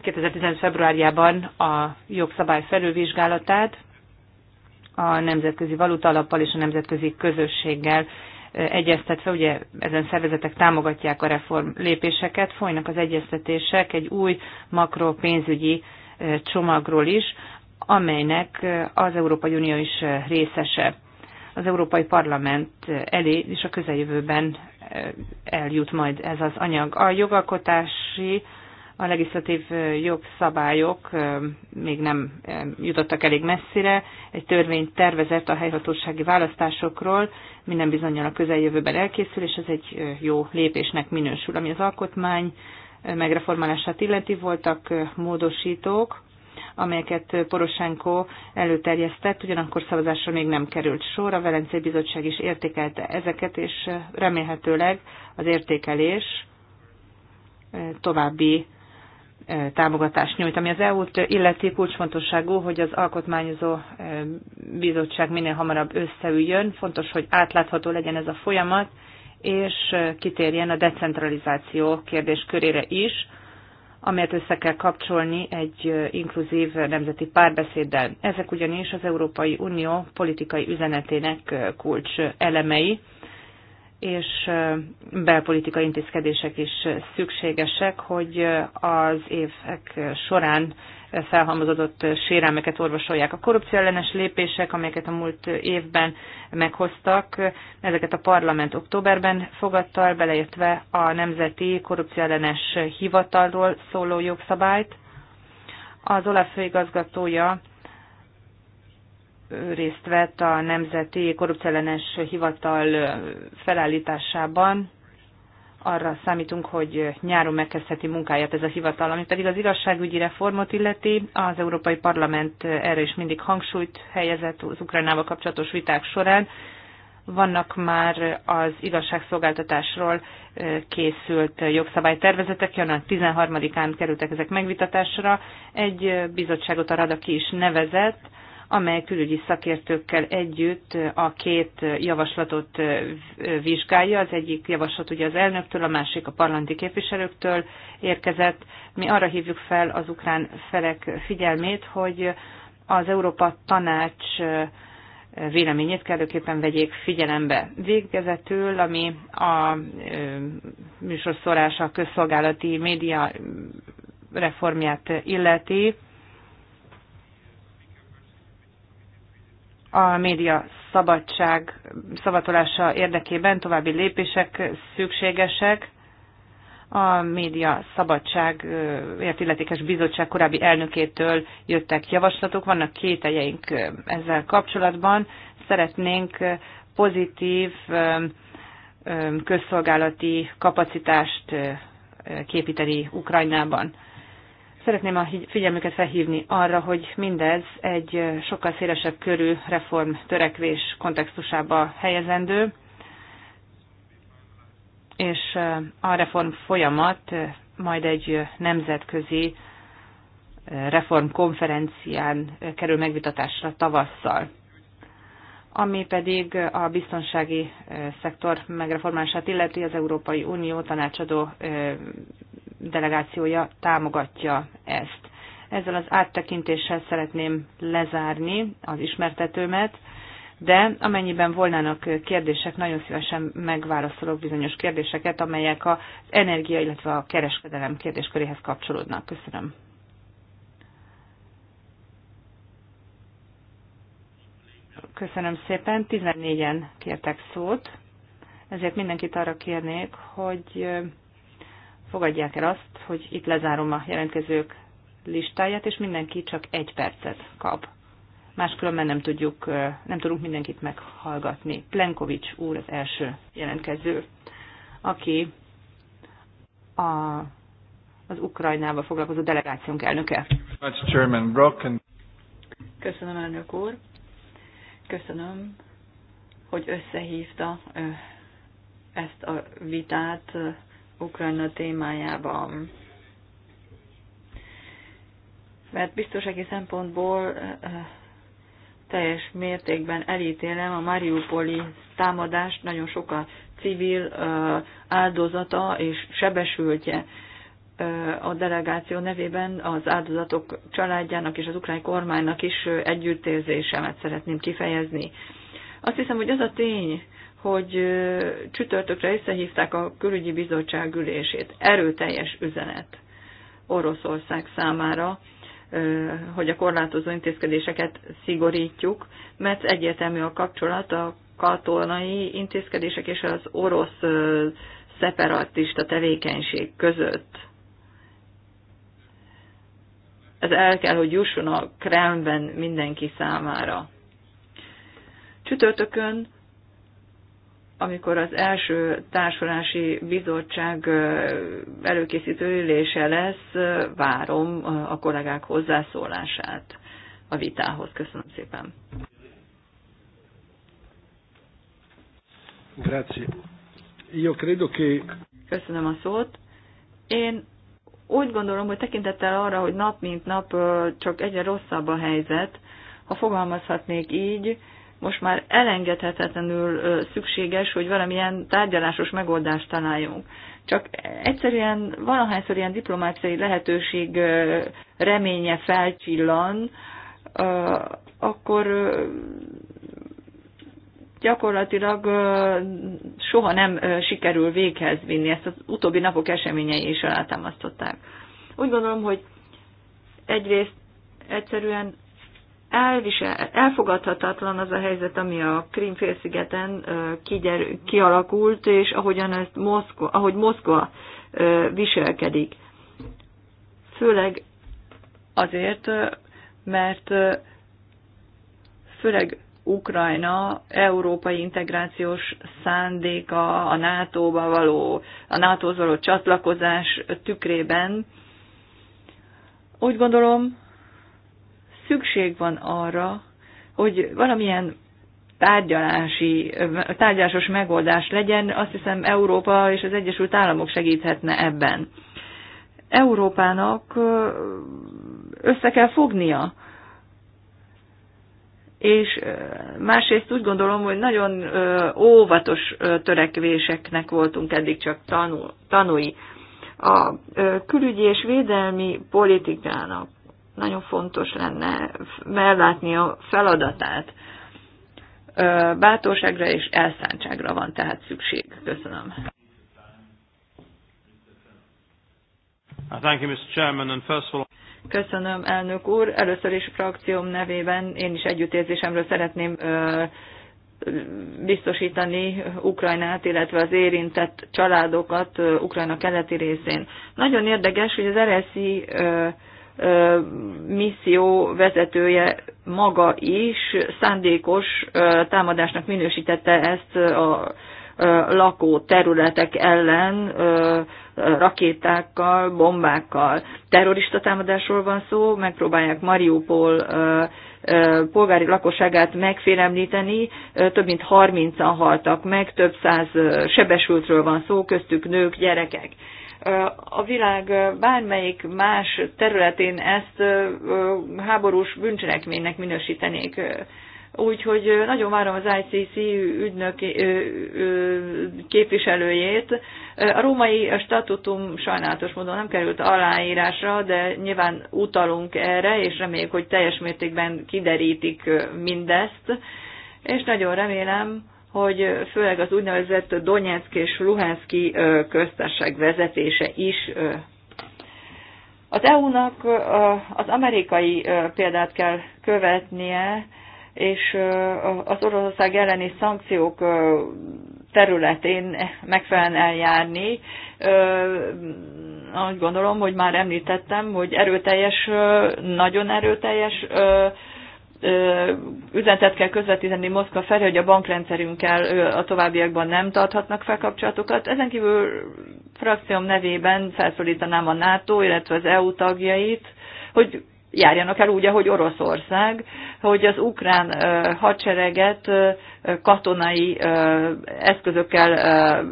2015. februárjában a jogszabály felülvizsgálatát a Nemzetközi Valuta Alappal és a Nemzetközi Közösséggel egyeztetve, ugye ezen szervezetek támogatják a reform lépéseket, folynak az egyeztetések egy új makropénzügyi csomagról is, amelynek az Európai Unió is részese. Az Európai Parlament elé és a közeljövőben eljut majd ez az anyag. A jogalkotási a legislatív jogszabályok még nem jutottak elég messzire. Egy törvény tervezett a helyhatósági választásokról minden bizonyal a közeljövőben elkészül, és ez egy jó lépésnek minősül. Ami az alkotmány megreformálását illeti, voltak módosítók, amelyeket Poroshenko előterjesztett, ugyanakkor szavazásra még nem került sor. A Velencei Bizottság is értékelte ezeket, és remélhetőleg az értékelés további támogatást nyújt. Ami az EU-t illeti kulcsfontosságú, hogy az alkotmányozó bizottság minél hamarabb összeüljön. Fontos, hogy átlátható legyen ez a folyamat, és kitérjen a decentralizáció kérdéskörére is, amelyet össze kell kapcsolni egy inkluzív nemzeti párbeszéddel. Ezek ugyanis az Európai Unió politikai üzenetének kulcs elemei, és belpolitikai intézkedések is szükségesek, hogy az évek során felhalmozódott sérelmeket orvosolják. A korrupció ellenes lépések, amelyeket a múlt évben meghoztak, ezeket a parlament októberben fogadta el, beleértve a Nemzeti Korrupció ellenes Hivatalról szóló jogszabályt. Az OLAF főigazgatója részt vett a Nemzeti Korrupcellenes Hivatal felállításában. Arra számítunk, hogy nyáron megkezdheti munkáját ez a hivatal, ami pedig az igazságügyi reformot illeti. Az Európai Parlament erre is mindig hangsúlyt helyezett az Ukrajnával kapcsolatos viták során. Vannak már az igazságszolgáltatásról készült jogszabálytervezetek, január 13-án kerültek ezek megvitatásra. Egy bizottságot a Rada ki is nevezett, amely külügyi szakértőkkel együtt a két javaslatot vizsgálja. Az egyik javaslat ugye az elnöktől, a másik a parlamenti képviselőktől érkezett. Mi arra hívjuk fel az ukrán felek figyelmét, hogy az Európa Tanács véleményét kellőképpen vegyék figyelembe. Végezetül, ami a műsorszórása a közszolgálati média reformját illeti, a média szabadság szavatolása érdekében további lépések szükségesek. A média szabadságért illetékes bizottság korábbi elnökétől jöttek javaslatok, vannak kételjeink ezzel kapcsolatban. Szeretnénk pozitív közszolgálati kapacitást képíteni Ukrajnában. Szeretném a figyelmüket felhívni arra, hogy mindez egy sokkal szélesebb körű reform törekvés kontextusába helyezendő, és a reform folyamat majd egy nemzetközi reformkonferencián kerül megvitatásra tavasszal. Ami pedig a biztonsági szektor megreformását illeti, az Európai Unió tanácsadó delegációja támogatja ezt. Ezzel az áttekintéssel szeretném lezárni az ismertetőmet, de amennyiben volnának kérdések, nagyon szívesen megválaszolok bizonyos kérdéseket, amelyek az energia, illetve a kereskedelem kérdésköréhez kapcsolódnak. Köszönöm. Köszönöm szépen. 14-en kértek szót, ezért mindenkit arra kérnék, hogy fogadják el azt, hogy itt lezárom a jelentkezők listáját, és mindenki csak egy percet kap. Máskülönben nem, tudjuk, nem tudunk mindenkit meghallgatni. Plenkovics úr az első jelentkező, aki a, az Ukrajnával foglalkozó delegációnk elnöke. Köszönöm, elnök úr. Köszönöm, hogy összehívta ezt a vitát Ukrajna témájában. Mert biztonsági szempontból eh, eh, teljes mértékben elítélem a Mariupoli támadást, nagyon sok a civil eh, áldozata és sebesültje a delegáció nevében az áldozatok családjának és az ukrán kormánynak is együttérzésemet szeretném kifejezni. Azt hiszem, hogy az a tény, hogy csütörtökre összehívták a külügyi bizottság ülését. Erőteljes üzenet Oroszország számára, hogy a korlátozó intézkedéseket szigorítjuk, mert egyértelmű a kapcsolat a katonai intézkedések és az orosz szeparatista tevékenység között. Ez el kell, hogy jusson a kremben mindenki számára. Csütörtökön amikor az első társulási bizottság előkészítő ülése lesz, várom a kollégák hozzászólását a vitához. Köszönöm szépen. Grazie. Io credo che... Köszönöm a szót. Én úgy gondolom, hogy tekintettel arra, hogy nap mint nap csak egyre rosszabb a helyzet, ha fogalmazhatnék így, most már elengedhetetlenül szükséges, hogy valamilyen tárgyalásos megoldást találjunk. Csak egyszerűen valahányszor ilyen diplomáciai lehetőség reménye felcsillan, akkor gyakorlatilag soha nem sikerül véghez vinni. Ezt az utóbbi napok eseményei is alátámasztották. Úgy gondolom, hogy egyrészt egyszerűen elvisel, elfogadhatatlan az a helyzet, ami a Krímfélszigeten kigyer, kialakult, és ahogyan ezt Moszkva, ahogy Moszkva viselkedik. Főleg azért, mert főleg Ukrajna európai integrációs szándéka a NATO-ba való, a NATO-hoz való csatlakozás tükrében. Úgy gondolom, szükség van arra, hogy valamilyen tárgyalási, tárgyásos megoldás legyen, azt hiszem Európa és az Egyesült Államok segíthetne ebben. Európának össze kell fognia, és másrészt úgy gondolom, hogy nagyon óvatos törekvéseknek voltunk eddig csak tanul, tanúi. A külügyi és védelmi politikának nagyon fontos lenne mellátni a feladatát. Bátorságra és elszántságra van tehát szükség. Köszönöm. Uh, Köszönöm, elnök úr. Először is frakcióm nevében én is együttérzésemről szeretném biztosítani Ukrajnát, illetve az érintett családokat Ukrajna keleti részén. Nagyon érdekes, hogy az RSI misszió vezetője maga is szándékos támadásnak minősítette ezt a lakó területek ellen rakétákkal, bombákkal. Terrorista támadásról van szó, megpróbálják Mariupol polgári lakosságát megfélemlíteni, több mint 30-an haltak meg, több száz sebesültről van szó, köztük nők, gyerekek a világ bármelyik más területén ezt háborús bűncselekménynek minősítenék. Úgyhogy nagyon várom az ICC ügynök képviselőjét. A római statutum sajnálatos módon nem került aláírásra, de nyilván utalunk erre, és reméljük, hogy teljes mértékben kiderítik mindezt. És nagyon remélem, hogy főleg az úgynevezett Donetsk és Luhanszki köztársaság vezetése is az EU-nak az amerikai példát kell követnie, és az Oroszország elleni szankciók területén megfelelően eljárni. Azt gondolom, hogy már említettem, hogy erőteljes, nagyon erőteljes üzenetet kell közvetíteni Moszkva felé, hogy a bankrendszerünkkel a továbbiakban nem tarthatnak fel kapcsolatokat. Ezen kívül frakcióm nevében felszólítanám a NATO, illetve az EU tagjait, hogy járjanak el úgy, ahogy Oroszország, hogy az ukrán hadsereget katonai eszközökkel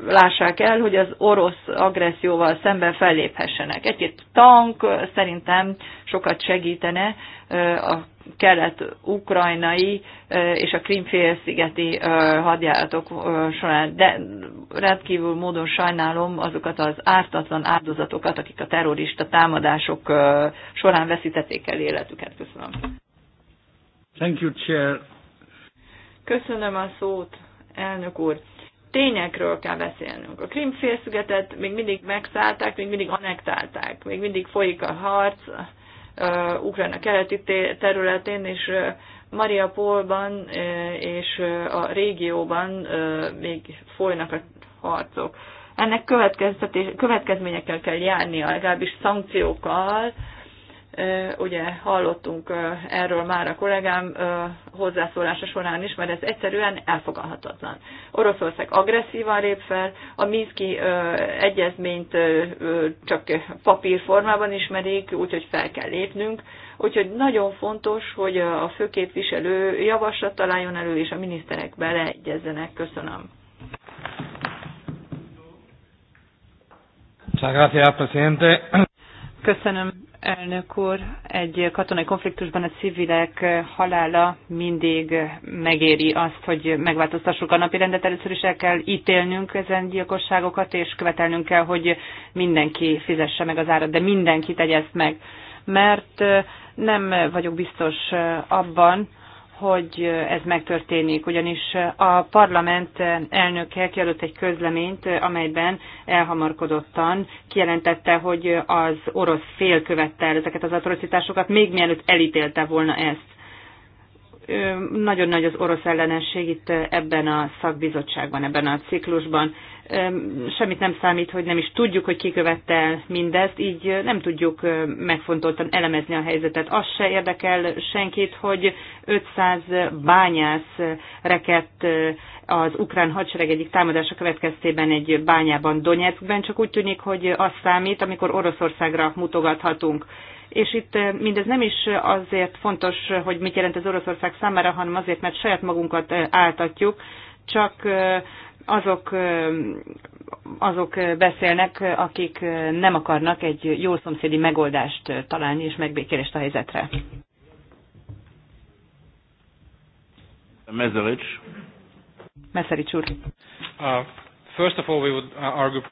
lássák el, hogy az orosz agresszióval szemben felléphessenek. Egy-két tank szerintem sokat segítene a kelet-ukrajnai és a Krimfélszigeti hadjáratok során. De rendkívül módon sajnálom azokat az ártatlan áldozatokat, akik a terrorista támadások során veszítették el életüket. Köszönöm. Thank you, Chair. Köszönöm a szót, elnök úr. Tényekről kell beszélnünk. A félszigetet még mindig megszállták, még mindig anektálták, még mindig folyik a harc, Ukrajna keleti területén, és Mariupolban és a régióban még folynak a harcok. Ennek következményekkel kell járnia, legalábbis szankciókkal, ugye hallottunk erről már a kollégám hozzászólása során is, mert ez egyszerűen elfogadhatatlan. Oroszország agresszívan lép fel, a Minszki egyezményt csak papírformában ismerik, úgyhogy fel kell lépnünk, úgyhogy nagyon fontos, hogy a főképviselő javaslat találjon elő, és a miniszterek beleegyezzenek. Köszönöm. Köszönöm, Elnök úr, egy katonai konfliktusban a civilek halála mindig megéri azt, hogy megváltoztassuk a rendet. Először is el kell ítélnünk ezen gyilkosságokat, és követelnünk kell, hogy mindenki fizesse meg az árat, de mindenki tegye ezt meg. Mert nem vagyok biztos abban, hogy ez megtörténik, ugyanis a parlament elnöke kiadott egy közleményt, amelyben elhamarkodottan kijelentette, hogy az orosz fél követte el ezeket az atrocitásokat, még mielőtt elítélte volna ezt. Nagyon nagy az orosz ellenesség itt ebben a szakbizottságban, ebben a ciklusban semmit nem számít, hogy nem is tudjuk, hogy ki követte el mindezt, így nem tudjuk megfontoltan elemezni a helyzetet. Az se érdekel senkit, hogy 500 bányász rekett az ukrán hadsereg egyik támadása következtében egy bányában Donetskben, csak úgy tűnik, hogy az számít, amikor Oroszországra mutogathatunk. És itt mindez nem is azért fontos, hogy mit jelent az Oroszország számára, hanem azért, mert saját magunkat áltatjuk, csak azok, azok beszélnek, akik nem akarnak egy jó szomszédi megoldást találni és megbékélést a helyzetre. Mezelics. Meszerics úr. Uh, first of all, we would uh, argue...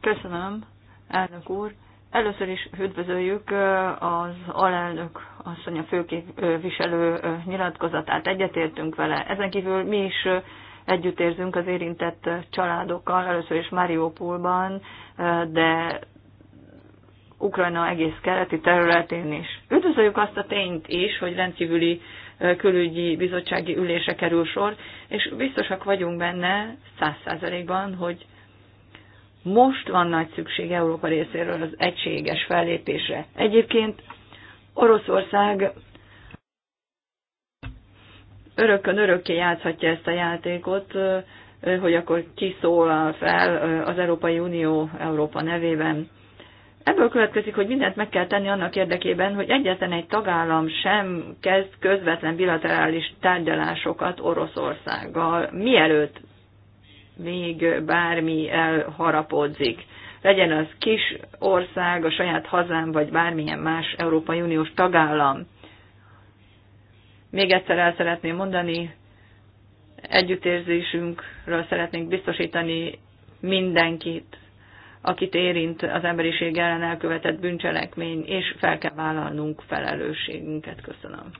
Köszönöm, elnök úr. Először is üdvözöljük az alelnök asszony a főképviselő nyilatkozatát, egyetértünk vele. Ezen kívül mi is együttérzünk az érintett családokkal, először is Mariupolban, de Ukrajna egész keleti területén is. Üdvözöljük azt a tényt is, hogy rendkívüli külügyi bizottsági ülése kerül sor, és biztosak vagyunk benne száz százalékban, hogy most van nagy szükség Európa részéről az egységes fellépésre. Egyébként Oroszország örökön örökké játszhatja ezt a játékot, hogy akkor ki szólal fel az Európai Unió Európa nevében. Ebből következik, hogy mindent meg kell tenni annak érdekében, hogy egyetlen egy tagállam sem kezd közvetlen bilaterális tárgyalásokat Oroszországgal, mielőtt még bármi elharapodzik. Legyen az kis ország, a saját hazám, vagy bármilyen más Európai Uniós tagállam. Még egyszer el szeretném mondani, együttérzésünkről szeretnénk biztosítani mindenkit, akit érint az emberiség ellen elkövetett bűncselekmény, és fel kell vállalnunk felelősségünket. Köszönöm.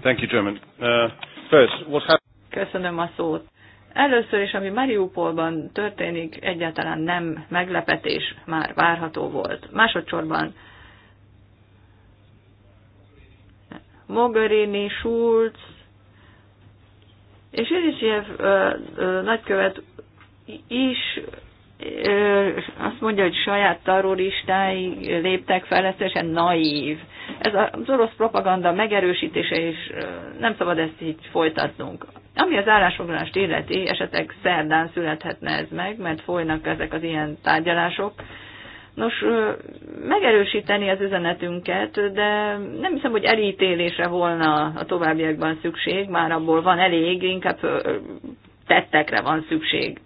Thank you, German. Uh, first, what Köszönöm a szót. Először is, ami Mariupolban történik, egyáltalán nem meglepetés, már várható volt. Másodszorban Mogherini, Schulz, és Irisiev nagykövet is azt mondja, hogy saját terroristái léptek fel, ez teljesen naív. Ez az orosz propaganda megerősítése, és nem szabad ezt így folytatnunk. Ami az állásfoglalást illeti, esetleg szerdán születhetne ez meg, mert folynak ezek az ilyen tárgyalások, Nos, megerősíteni az üzenetünket, de nem hiszem, hogy elítélésre volna a továbbiakban szükség, már abból van elég, inkább tettekre van szükség.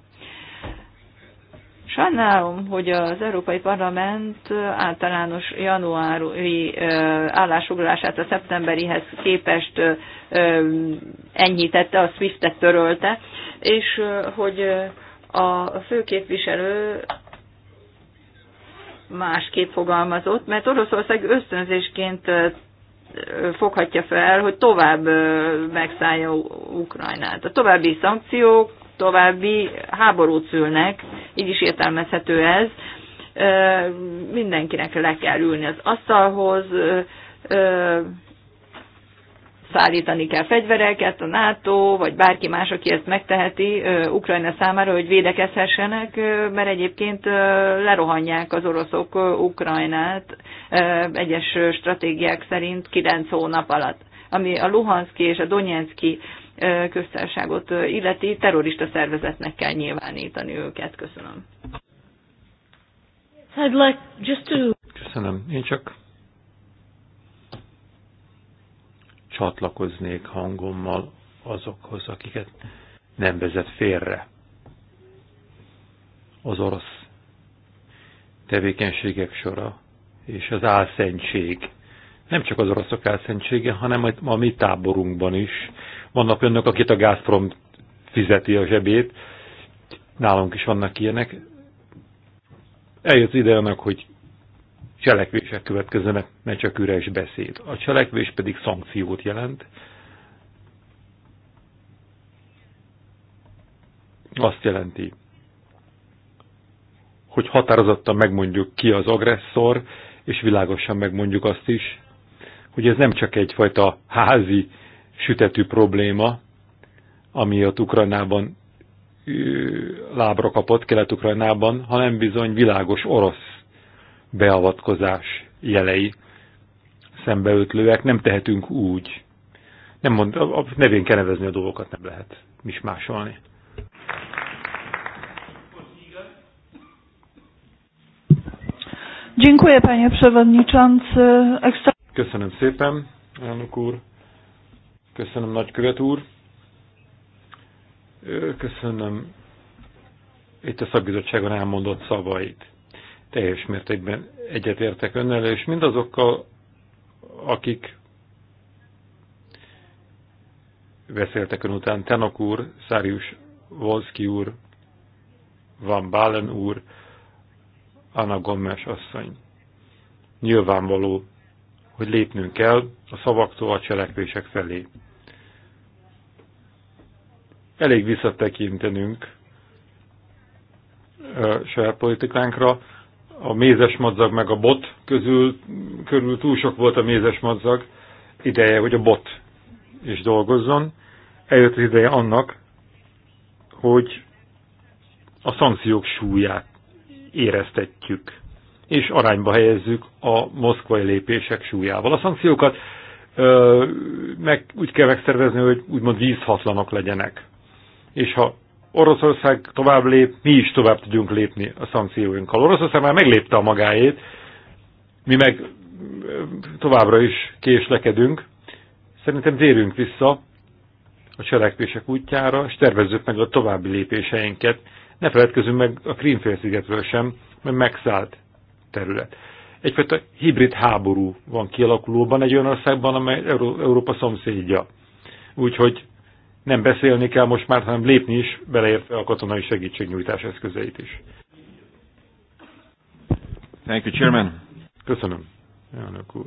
Sajnálom, hogy az Európai Parlament általános januári állásfoglalását a szeptemberihez képest enyhítette, a SWIFT-et törölte, és hogy a főképviselő másképp fogalmazott, mert Oroszország ösztönzésként foghatja fel, hogy tovább megszállja Ukrajnát. A további szankciók, további háborút szülnek, így is értelmezhető ez. Mindenkinek le kell ülni az asztalhoz, szállítani kell fegyvereket, a NATO, vagy bárki más, aki ezt megteheti Ukrajna számára, hogy védekezhessenek, mert egyébként lerohanják az oroszok Ukrajnát egyes stratégiák szerint 9 hónap alatt. Ami a Luhanszki és a Donyenszki köztárságot illeti, terrorista szervezetnek kell nyilvánítani őket. Köszönöm. Köszönöm. Én csak csatlakoznék hangommal azokhoz, akiket nem vezet félre az orosz tevékenységek sora és az álszentség. Nem csak az oroszok álszentsége, hanem a mi táborunkban is. Vannak önök, akit a Gazprom fizeti a zsebét, nálunk is vannak ilyenek. Eljött ide annak, hogy cselekvések következzenek, ne csak üres beszéd. A cselekvés pedig szankciót jelent. Azt jelenti, hogy határozottan megmondjuk ki az agresszor, és világosan megmondjuk azt is, hogy ez nem csak egyfajta házi sütetű probléma, ami ott Ukrajnában lábra kapott, Kelet-Ukrajnában, hanem bizony világos orosz beavatkozás jelei szembeötlőek. Nem tehetünk úgy. Nem mond, a, nevén kell nevezni a dolgokat, nem lehet mismásolni. Dziękuję panie przewodniczący. Köszönöm szépen, elnök úr. Köszönöm nagykövet úr. Köszönöm itt a szakbizottságon elmondott szavait teljes mértékben egyetértek önnel, és mindazokkal, akik beszéltek ön után, Tenok úr, Szárius Volszki úr, Van Bálen úr, Anna Gommes asszony. Nyilvánvaló, hogy lépnünk kell a szavaktól a cselekvések felé. Elég visszatekintenünk saját politikánkra, a mézes madzag meg a bot közül körül túl sok volt a mézes madzag, ideje, hogy a bot is dolgozzon. Eljött az ideje annak, hogy a szankciók súlyát éreztetjük, és arányba helyezzük a moszkvai lépések súlyával. A szankciókat ö, meg úgy kell megszervezni, hogy úgymond vízhatlanok legyenek. És ha Oroszország tovább lép, mi is tovább tudjunk lépni a szankcióinkkal. Oroszország már meglépte a magáét, mi meg továbbra is késlekedünk. Szerintem térünk vissza a cselekvések útjára, és tervezzük meg a további lépéseinket. Ne feledkezzünk meg a Krímfélszigetről sem, mert megszállt terület. Egyfajta hibrid háború van kialakulóban egy olyan országban, amely Európa szomszédja. Úgyhogy nem beszélni kell most már, hanem lépni is, beleértve a katonai segítségnyújtás eszközeit is. Thank you, Chairman. Köszönöm, elnök úr.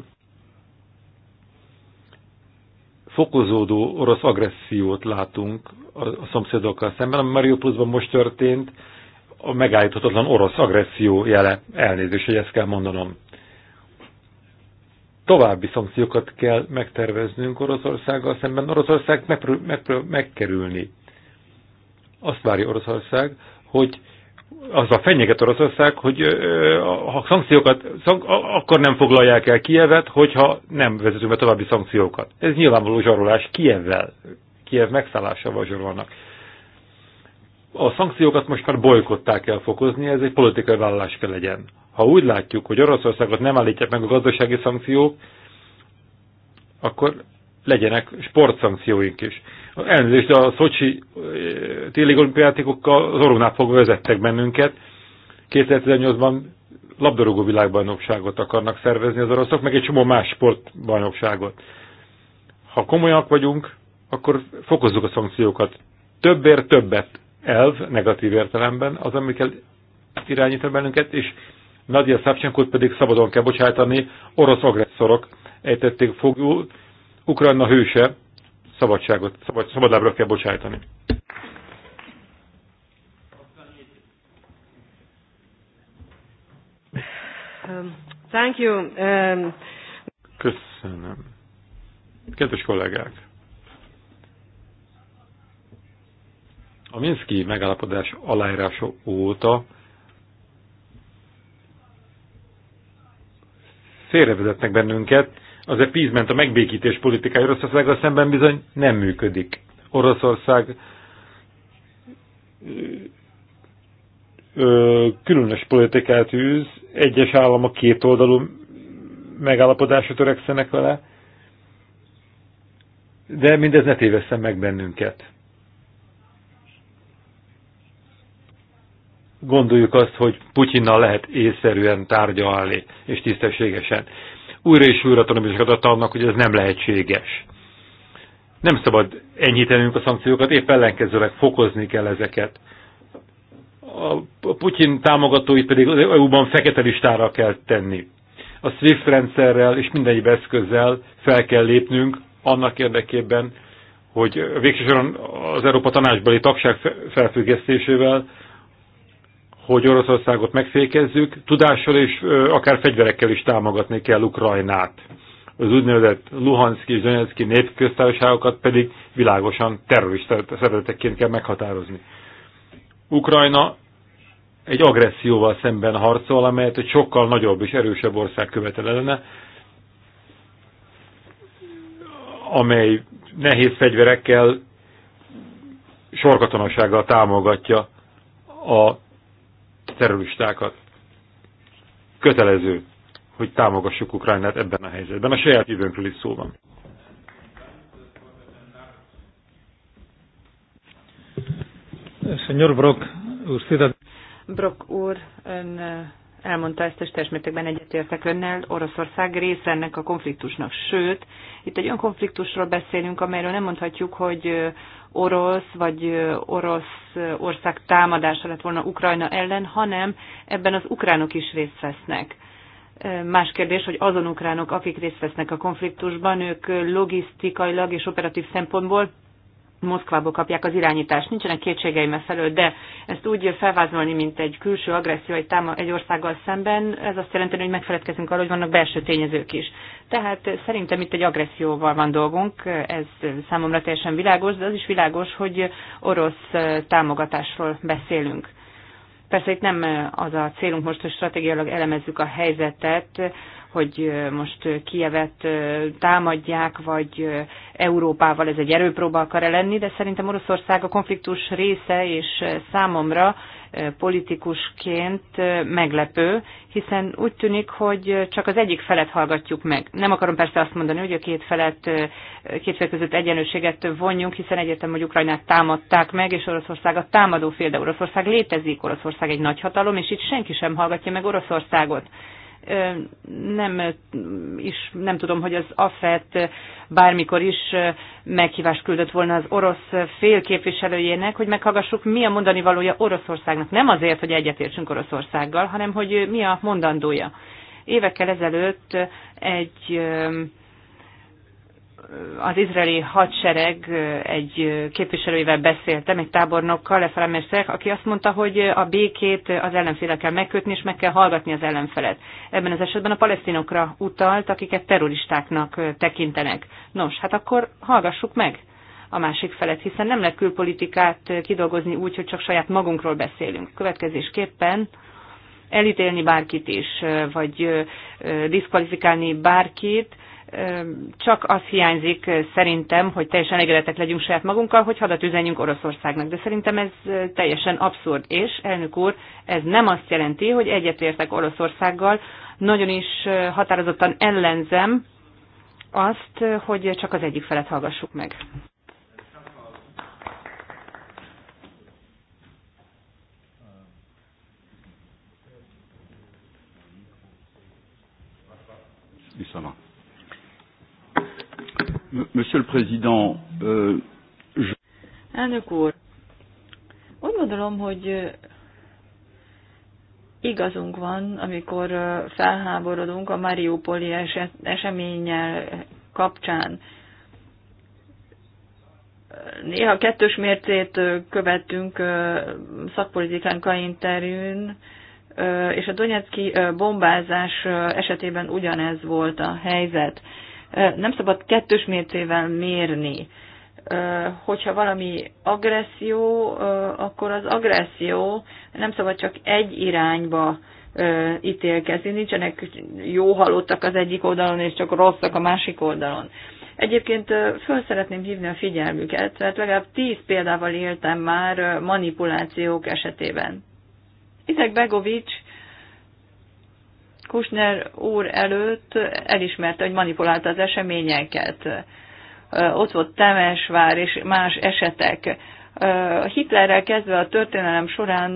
Fokozódó orosz agressziót látunk a, szomszédokkal szemben, ami Mariupolban most történt, a megállíthatatlan orosz agresszió jele. Elnézést, hogy ezt kell mondanom további szankciókat kell megterveznünk Oroszországgal szemben, Oroszország megpróbál megkerülni. Azt várja Oroszország, hogy az a fenyeget Oroszország, hogy ha szankciókat, szank, akkor nem foglalják el Kievet, hogyha nem vezetünk be további szankciókat. Ez nyilvánvaló zsarolás Kievvel, Kiev megszállásával zsarolnak a szankciókat most már bolykották kell fokozni, ez egy politikai vállalás kell legyen. Ha úgy látjuk, hogy Oroszországot nem állítják meg a gazdasági szankciók, akkor legyenek sportszankcióink is. Elnézést, de a Szocsi eh, téli olimpiátikokkal az orrunknál fogva vezettek bennünket. 2018-ban labdarúgó világbajnokságot akarnak szervezni az oroszok, meg egy csomó más sportbajnokságot. Ha komolyak vagyunk, akkor fokozzuk a szankciókat. Többért többet elv negatív értelemben az, amikkel irányítani bennünket, és Nadia Szávcsenkót pedig szabadon kell bocsájtani, orosz agresszorok ejtették fogul, Ukrajna hőse, szabadságot, szabad, szabadábra kell bocsájtani. Um, thank you. Um... Köszönöm. Kedves kollégák! A Minszki megállapodás aláírása óta félrevezetnek bennünket, az appeasement, a megbékítés politikája Oroszországgal szemben bizony nem működik. Oroszország ö, különös politikát űz, egyes államok kétoldalú megállapodásra törekszenek vele, de mindez ne tévesszen meg bennünket. gondoljuk azt, hogy Putyinnal lehet észszerűen tárgyalni, és tisztességesen. Újra és újra tanulmányokat adta annak, hogy ez nem lehetséges. Nem szabad enyhítenünk a szankciókat, épp ellenkezőleg fokozni kell ezeket. A Putyin támogatóit pedig az EU-ban fekete listára kell tenni. A SWIFT rendszerrel és minden eszközzel fel kell lépnünk annak érdekében, hogy végsősoron az Európa tanácsbeli tagság felfüggesztésével hogy Oroszországot megfékezzük, tudással és akár fegyverekkel is támogatni kell Ukrajnát. Az úgynevezett Luhanszki és Donetszki népköztársaságokat pedig világosan terrorista szervezetekként kell meghatározni. Ukrajna egy agresszióval szemben harcol, amelyet egy sokkal nagyobb és erősebb ország követel lenne, amely nehéz fegyverekkel, sorkatonasággal támogatja a terroristákat. Kötelező, hogy támogassuk Ukrajnát ebben a helyzetben. A saját jövőnkről is szó van. Señor Brock, usted... Brock úr, ön elmondta ezt, és teljes mértékben egyetértek önnel, Oroszország része ennek a konfliktusnak. Sőt, itt egy olyan konfliktusról beszélünk, amelyről nem mondhatjuk, hogy orosz vagy orosz ország támadása lett volna Ukrajna ellen, hanem ebben az ukránok is részt vesznek. Más kérdés, hogy azon ukránok, akik részt vesznek a konfliktusban, ők logisztikailag és operatív szempontból Moszkvából kapják az irányítást. Nincsenek kétségeim e felől, de ezt úgy felvázolni, mint egy külső agresszió egy, táma, egy országgal szemben, ez azt jelenti, hogy megfeledkezünk arról, hogy vannak belső tényezők is. Tehát szerintem itt egy agresszióval van dolgunk, ez számomra teljesen világos, de az is világos, hogy orosz támogatásról beszélünk. Persze itt nem az a célunk most, hogy stratégiailag elemezzük a helyzetet, hogy most Kievet támadják, vagy Európával ez egy erőpróba akar -e lenni, de szerintem Oroszország a konfliktus része, és számomra politikusként meglepő, hiszen úgy tűnik, hogy csak az egyik felet hallgatjuk meg. Nem akarom persze azt mondani, hogy a két felet, két fel között egyenlőséget vonjunk, hiszen egyértelmű, hogy Ukrajnát támadták meg, és Oroszország a támadó fél, de Oroszország létezik, Oroszország egy hatalom, és itt senki sem hallgatja meg Oroszországot nem, is, nem tudom, hogy az AFET bármikor is meghívást küldött volna az orosz fél képviselőjének, hogy meghallgassuk, mi a mondani valója Oroszországnak. Nem azért, hogy egyetértsünk Oroszországgal, hanem hogy mi a mondandója. Évekkel ezelőtt egy az izraeli hadsereg egy képviselőivel beszéltem, egy tábornokkal, Lefele aki azt mondta, hogy a békét az ellenféle kell megkötni, és meg kell hallgatni az ellenfelet. Ebben az esetben a palesztinokra utalt, akiket terroristáknak tekintenek. Nos, hát akkor hallgassuk meg a másik felet, hiszen nem lehet külpolitikát kidolgozni úgy, hogy csak saját magunkról beszélünk. Következésképpen elítélni bárkit is, vagy diszkvalifikálni bárkit, csak az hiányzik szerintem, hogy teljesen egyedetek legyünk saját magunkkal, hogy hadat üzenjünk Oroszországnak. De szerintem ez teljesen abszurd. És, elnök úr, ez nem azt jelenti, hogy egyetértek Oroszországgal. Nagyon is határozottan ellenzem azt, hogy csak az egyik felet hallgassuk meg. Viszont. Monsieur le Président, euh, je... Elnök úr, úgy gondolom, hogy igazunk van, amikor felháborodunk a Mariupoli eset, eseménnyel kapcsán. Néha kettős mércét követtünk szakpolitikánkain interjún, és a Donetszki bombázás esetében ugyanez volt a helyzet nem szabad kettős mércével mérni. Hogyha valami agresszió, akkor az agresszió nem szabad csak egy irányba ítélkezni. Nincsenek jó halottak az egyik oldalon, és csak rosszak a másik oldalon. Egyébként föl szeretném hívni a figyelmüket, mert legalább tíz példával éltem már manipulációk esetében. Izek Begovics Kusner úr előtt elismerte, hogy manipulálta az eseményeket. Ott volt Temesvár és más esetek. Hitlerrel kezdve a történelem során,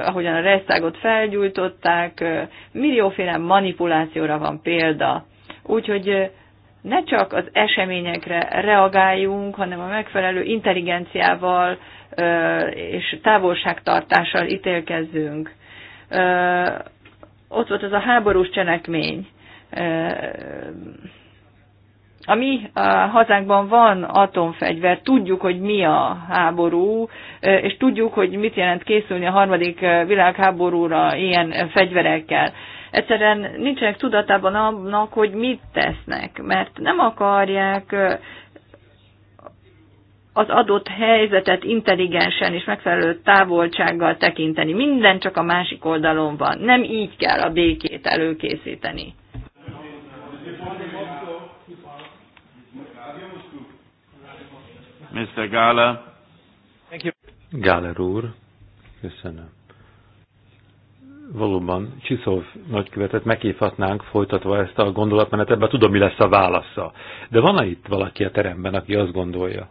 ahogyan a Reichstagot felgyújtották, millióféle manipulációra van példa. Úgyhogy ne csak az eseményekre reagáljunk, hanem a megfelelő intelligenciával és távolságtartással ítélkezzünk ott volt ez a háborús cselekmény. A mi a hazánkban van atomfegyver, tudjuk, hogy mi a háború, és tudjuk, hogy mit jelent készülni a harmadik világháborúra ilyen fegyverekkel. Egyszerűen nincsenek tudatában annak, hogy mit tesznek, mert nem akarják az adott helyzetet intelligensen és megfelelő távolsággal tekinteni. Minden csak a másik oldalon van. Nem így kell a békét előkészíteni. Mr. Gala. Thank you. Gáler úr, köszönöm. Valóban Csiszov nagykövetet meghívhatnánk folytatva ezt a gondolatmenetet, ebben tudom, mi lesz a válasza. De van -e itt valaki a teremben, aki azt gondolja,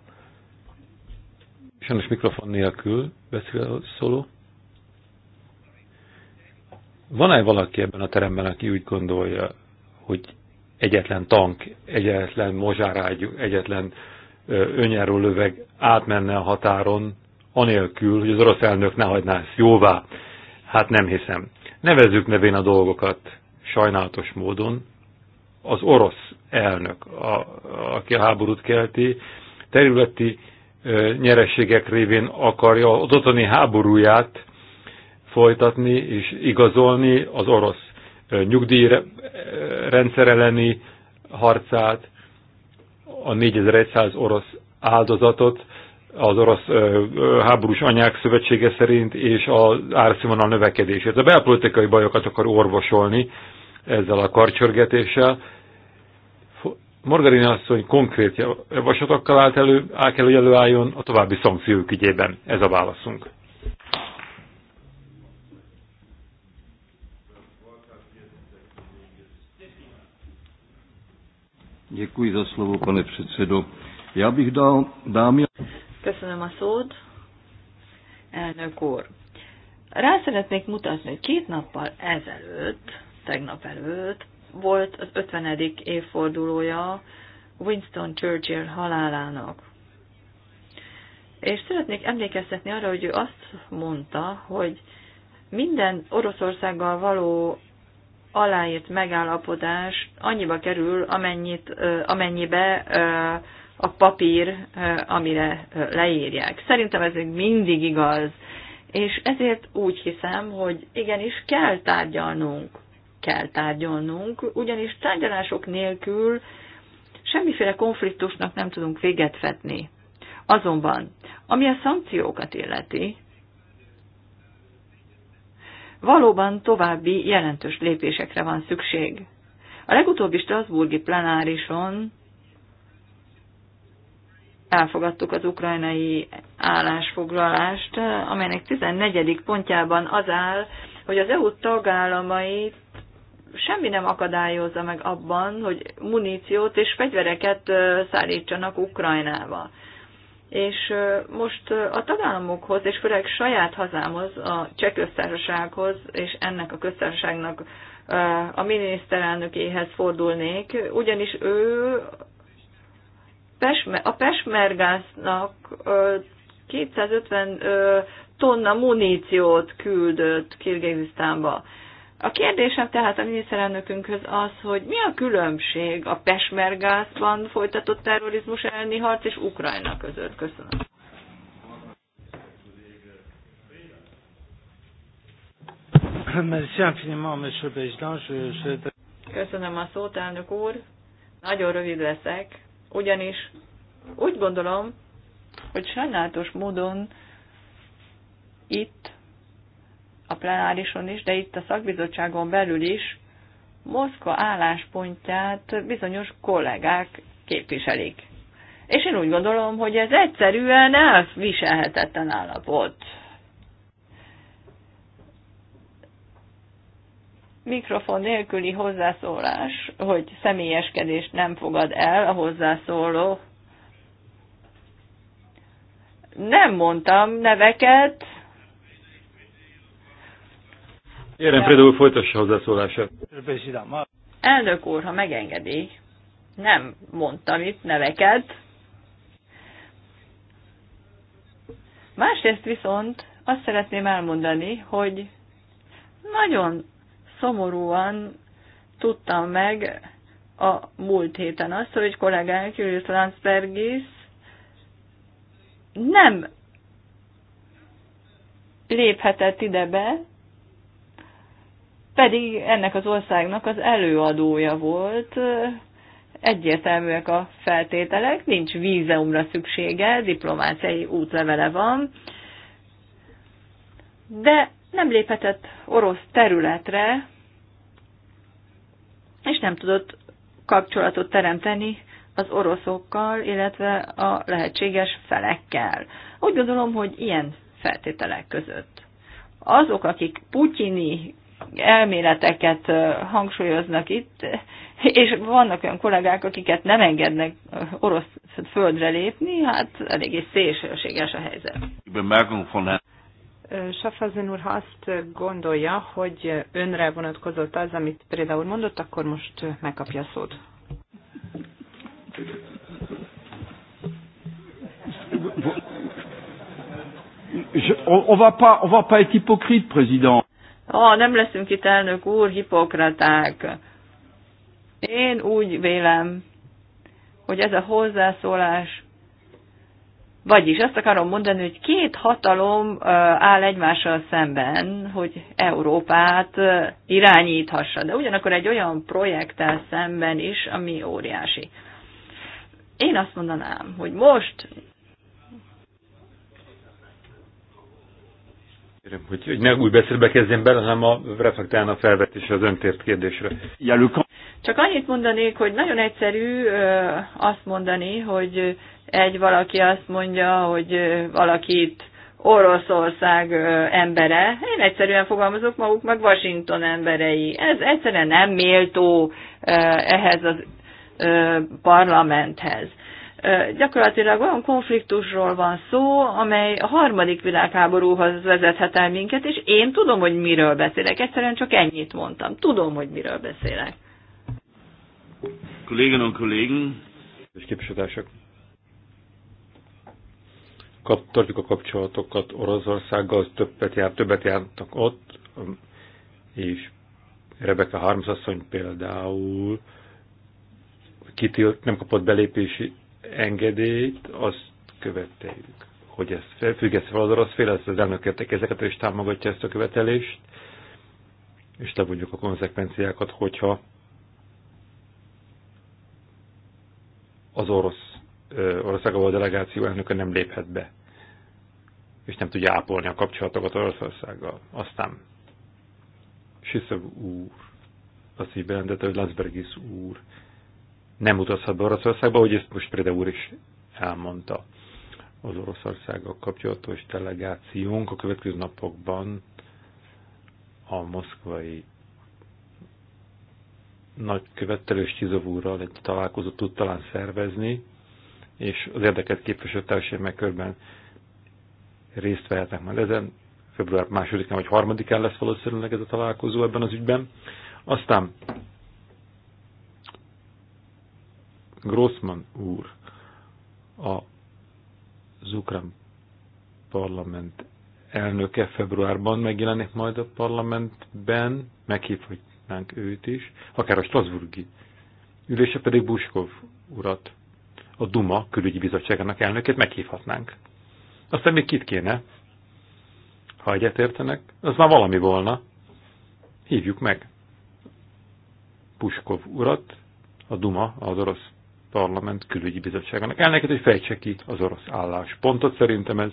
Sajnos mikrofon nélkül beszél a szóló. Van-e valaki ebben a teremben, aki úgy gondolja, hogy egyetlen tank, egyetlen mozsárágy, egyetlen önjáró löveg átmenne a határon, anélkül, hogy az orosz elnök ne hagyná ezt jóvá? Hát nem hiszem. Nevezzük nevén a dolgokat sajnálatos módon. Az orosz elnök, a, aki a háborút kelti, területi nyerességek révén akarja az otthoni háborúját folytatni és igazolni az orosz nyugdíjrendszer elleni harcát, a 4100 orosz áldozatot, az orosz háborús anyák szövetsége szerint, és az árszínvonal növekedését. A belpolitikai bajokat akar orvosolni ezzel a karcsörgetéssel, Margarina asszony konkrét javaslatokkal állt elő, áll kell, hogy előálljon a további szankciók ügyében. Ez a válaszunk. Köszönöm a szót, elnök úr. Rá szeretnék mutatni, hogy két nappal ezelőtt, tegnap előtt volt az 50. évfordulója Winston Churchill halálának. És szeretnék emlékeztetni arra, hogy ő azt mondta, hogy minden Oroszországgal való aláírt megállapodás annyiba kerül, amennyit, amennyibe a papír, amire leírják. Szerintem ez még mindig igaz, és ezért úgy hiszem, hogy igenis kell tárgyalnunk kell tárgyalnunk, ugyanis tárgyalások nélkül semmiféle konfliktusnak nem tudunk véget vetni. Azonban, ami a szankciókat illeti, valóban további jelentős lépésekre van szükség. A legutóbbi Strasburgi plenárison elfogadtuk az ukrajnai állásfoglalást, amelynek 14. pontjában az áll, hogy az EU tagállamait semmi nem akadályozza meg abban, hogy muníciót és fegyvereket szállítsanak Ukrajnába. És most a tagállamokhoz, és főleg saját hazámhoz, a cseh köztársasághoz, és ennek a köztársaságnak a miniszterelnökéhez fordulnék, ugyanis ő a Pesmergásznak 250 tonna muníciót küldött Kirgizisztánba. A kérdésem tehát a miniszterelnökünkhöz az, hogy mi a különbség a Pesmergászban folytatott terrorizmus elleni harc és Ukrajna között. Köszönöm. Köszönöm a szót, elnök úr. Nagyon rövid leszek, ugyanis úgy gondolom, hogy sajnálatos módon itt a plenárison is, de itt a szakbizottságon belül is Moszkva álláspontját bizonyos kollégák képviselik. És én úgy gondolom, hogy ez egyszerűen elviselhetetlen állapot. Mikrofon nélküli hozzászólás, hogy személyeskedést nem fogad el a hozzászóló. Nem mondtam neveket, Érem, például folytassa hozzászólását. Elnök úr, ha megengedi, nem mondtam itt neveket. Másrészt viszont azt szeretném elmondani, hogy nagyon szomorúan tudtam meg a múlt héten azt, hogy kollégánk Julius Landsbergis nem léphetett ide be, pedig ennek az országnak az előadója volt, egyértelműek a feltételek, nincs vízeumra szüksége, diplomáciai útlevele van, de nem léphetett orosz területre, és nem tudott kapcsolatot teremteni az oroszokkal, illetve a lehetséges felekkel. Úgy gondolom, hogy ilyen feltételek között azok, akik putyini elméleteket hangsúlyoznak itt, és vannak olyan kollégák, akiket nem engednek orosz földre lépni, hát eléggé szélsőséges a helyzet. Safazin úr, ha azt gondolja, hogy önre vonatkozott az, amit Préda úr mondott, akkor most megkapja a szót. Je, on, on va pas, on va pas être hypocrite, président. Ha nem leszünk itt elnök úr, hipokraták. Én úgy vélem, hogy ez a hozzászólás, vagyis azt akarom mondani, hogy két hatalom áll egymással szemben, hogy Európát irányíthassa, de ugyanakkor egy olyan projekttel szemben is, ami óriási. Én azt mondanám, hogy most Kérem, hogy, hogy ne új beszélbe kezdjem bele, hanem a reflektálna a felvetésre, az öntért kérdésre. Csak annyit mondanék, hogy nagyon egyszerű azt mondani, hogy egy valaki azt mondja, hogy valakit Oroszország embere, én egyszerűen fogalmazok maguk meg Washington emberei. Ez egyszerűen nem méltó ehhez az parlamenthez gyakorlatilag olyan konfliktusról van szó, amely a harmadik világháborúhoz vezethet el minket, és én tudom, hogy miről beszélek. Egyszerűen csak ennyit mondtam. Tudom, hogy miről beszélek. Kollégen und Kollegen, és képviselőtársak, Kap, tartjuk a kapcsolatokat Oroszországgal, többet, jár, többet jártak ott, és Rebecca Harms asszony például kitilt, nem kapott belépési engedélyt, azt követeljük, hogy ezt felfüggesz fel az orosz fél, ezt az elnök ezeket és támogatja ezt a követelést, és levonjuk a konzekvenciákat, hogyha az orosz Oroszágból delegáció elnöke nem léphet be, és nem tudja ápolni a kapcsolatokat Oroszországgal. Aztán Siszev úr azt így hogy Landsbergis úr nem utazhat be Oroszországba, hogy ezt most Preda úr is elmondta. Az Oroszországgal kapcsolatos delegációnk a következő napokban a moszkvai nagykövettelős Csizov úrral egy találkozót tud talán szervezni, és az érdeket képviselő társadalmi körben részt vehetnek majd ezen. Február másodikán vagy harmadikán lesz valószínűleg ez a találkozó ebben az ügyben. Aztán Grossman úr a Zukrán parlament elnöke februárban megjelenik majd a parlamentben, meghívhatnánk őt is, akár a Strasburgi ülése pedig Buskov urat, a Duma külügyi bizottságának elnökét meghívhatnánk. Aztán még kit kéne? Ha egyetértenek, az már valami volna. Hívjuk meg. Puskov urat, a Duma, az orosz Parlament Külügyi Bizottságának elnöket, hogy fejtse ki az orosz álláspontot. Szerintem ez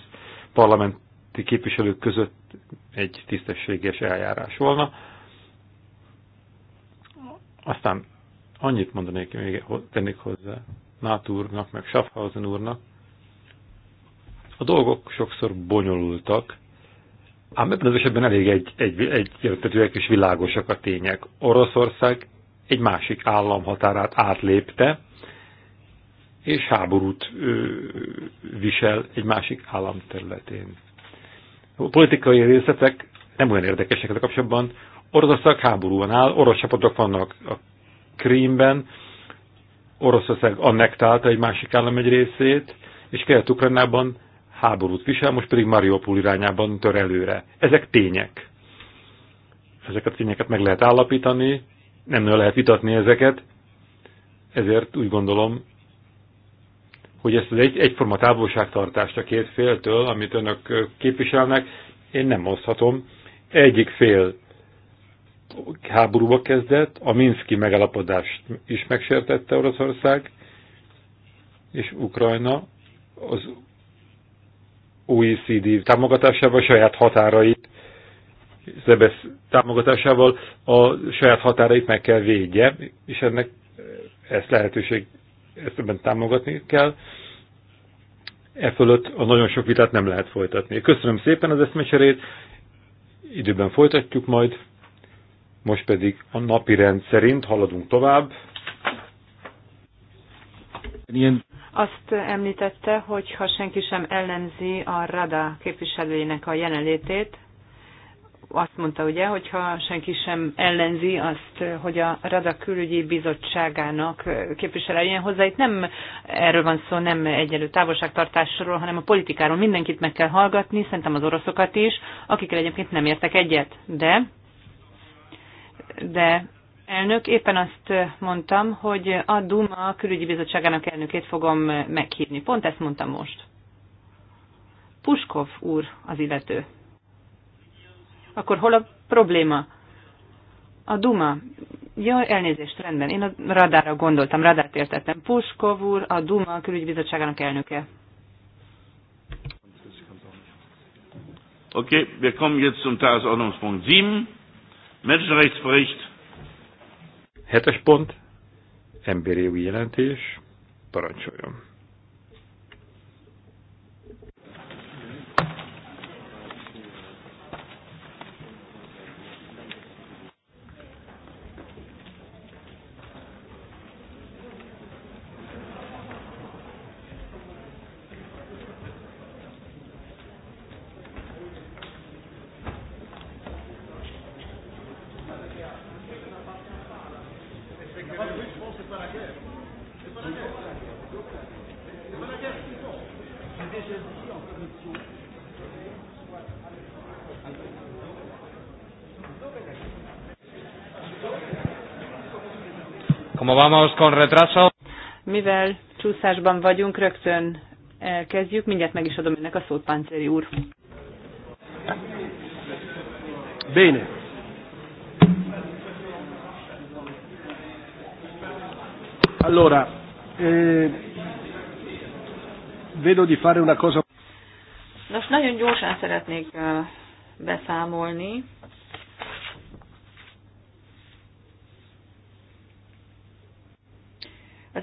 parlamenti képviselők között egy tisztességes eljárás volna. Aztán annyit mondanék, még tennék hozzá NATO úrnak, meg Schaffhausen úrnak. A dolgok sokszor bonyolultak, ám ebben az esetben elég egy, egy, egyértetőek és világosak a tények. Oroszország egy másik állam határát átlépte, és háborút visel egy másik állam területén. A politikai részletek nem olyan érdekesek ezzel kapcsolatban. Oroszország háborúban áll, orosz csapatok vannak a Krímben, Oroszország annektálta egy másik állam egy részét, és Kelet-Ukrajnában háborút visel, most pedig Mariupol irányában tör előre. Ezek tények. Ezeket a tényeket meg lehet állapítani, nem lehet vitatni ezeket, ezért úgy gondolom, hogy ezt az egy, egyforma távolságtartást a két féltől, amit önök képviselnek, én nem oszthatom. Egyik fél háborúba kezdett, a Minszki megalapodást is megsértette Oroszország, és Ukrajna az OECD támogatásával, saját határait, Zebesz támogatásával a saját határait meg kell védje, és ennek ezt lehetőség ezt ebben támogatni kell. E fölött a nagyon sok vitát nem lehet folytatni. Köszönöm szépen az eszmecserét, időben folytatjuk majd, most pedig a napi rend szerint haladunk tovább. Ilyen azt említette, hogy ha senki sem ellenzi a Rada képviselőjének a jelenlétét, azt mondta ugye, hogyha senki sem ellenzi azt, hogy a Rada külügyi bizottságának képviseljen hozzá, itt nem erről van szó, nem egyenlő távolságtartásról, hanem a politikáról. Mindenkit meg kell hallgatni, szerintem az oroszokat is, akikkel egyébként nem értek egyet. De, de elnök, éppen azt mondtam, hogy a Duma külügyi bizottságának elnökét fogom meghívni. Pont ezt mondtam most. Puskov úr az illető akkor hol a probléma? A Duma. Jó, elnézést, rendben. Én a radára gondoltam, radárt értettem. Puskov úr, a Duma külügybizottságának elnöke. Okay, wir kommen jetzt zum Tagesordnungspunkt 7. Menschenrechtsbericht. Hetes pont, emberi új jelentés, parancsoljon. vamos con retraso. Mivel csúszásban vagyunk, rögtön kezdjük Mindjárt meg is adom ennek a szót, Pánceri úr. Bene. Allora, eh, vedo di fare una cosa. Nos, nagyon gyorsan szeretnék eh, beszámolni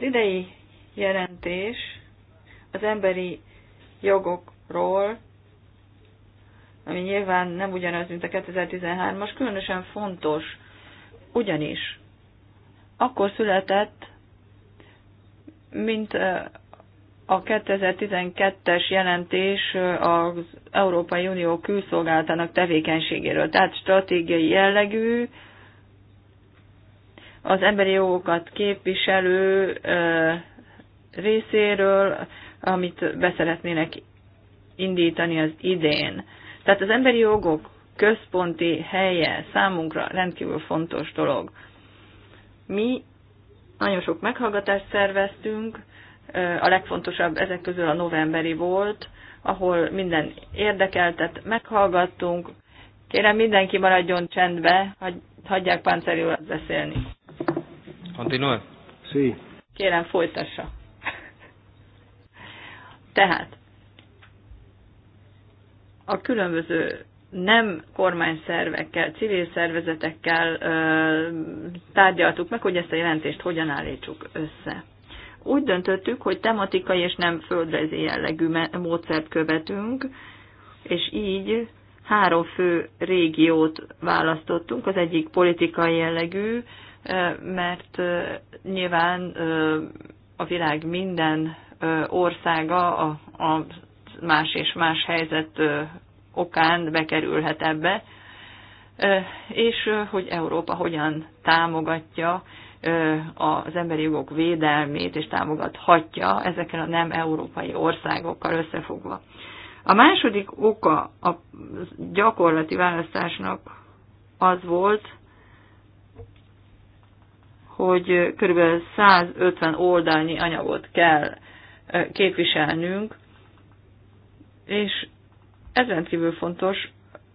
idei jelentés az emberi jogokról, ami nyilván nem ugyanaz, mint a 2013-as, különösen fontos, ugyanis akkor született, mint a 2012-es jelentés az Európai Unió külszolgálatának tevékenységéről, tehát stratégiai jellegű, az emberi jogokat képviselő részéről, amit beszeretnének indítani az idén. Tehát az emberi jogok központi helye számunkra rendkívül fontos dolog. Mi nagyon sok meghallgatást szerveztünk, a legfontosabb ezek közül a novemberi volt, ahol minden érdekeltet meghallgattunk. Kérem, mindenki maradjon csendbe, hagyják Pánceri beszélni. Continúe. Sí. Kérem, folytassa. Tehát a különböző nem kormányszervekkel, civil szervezetekkel ö, tárgyaltuk meg, hogy ezt a jelentést hogyan állítsuk össze. Úgy döntöttük, hogy tematikai és nem földrajzi jellegű módszert követünk, és így három fő régiót választottunk. Az egyik politikai jellegű, mert nyilván a világ minden országa a, más és más helyzet okán bekerülhet ebbe, és hogy Európa hogyan támogatja az emberi jogok védelmét, és támogathatja ezekkel a nem európai országokkal összefogva. A második oka a gyakorlati választásnak az volt, hogy kb. 150 oldalnyi anyagot kell képviselnünk, és ez rendkívül fontos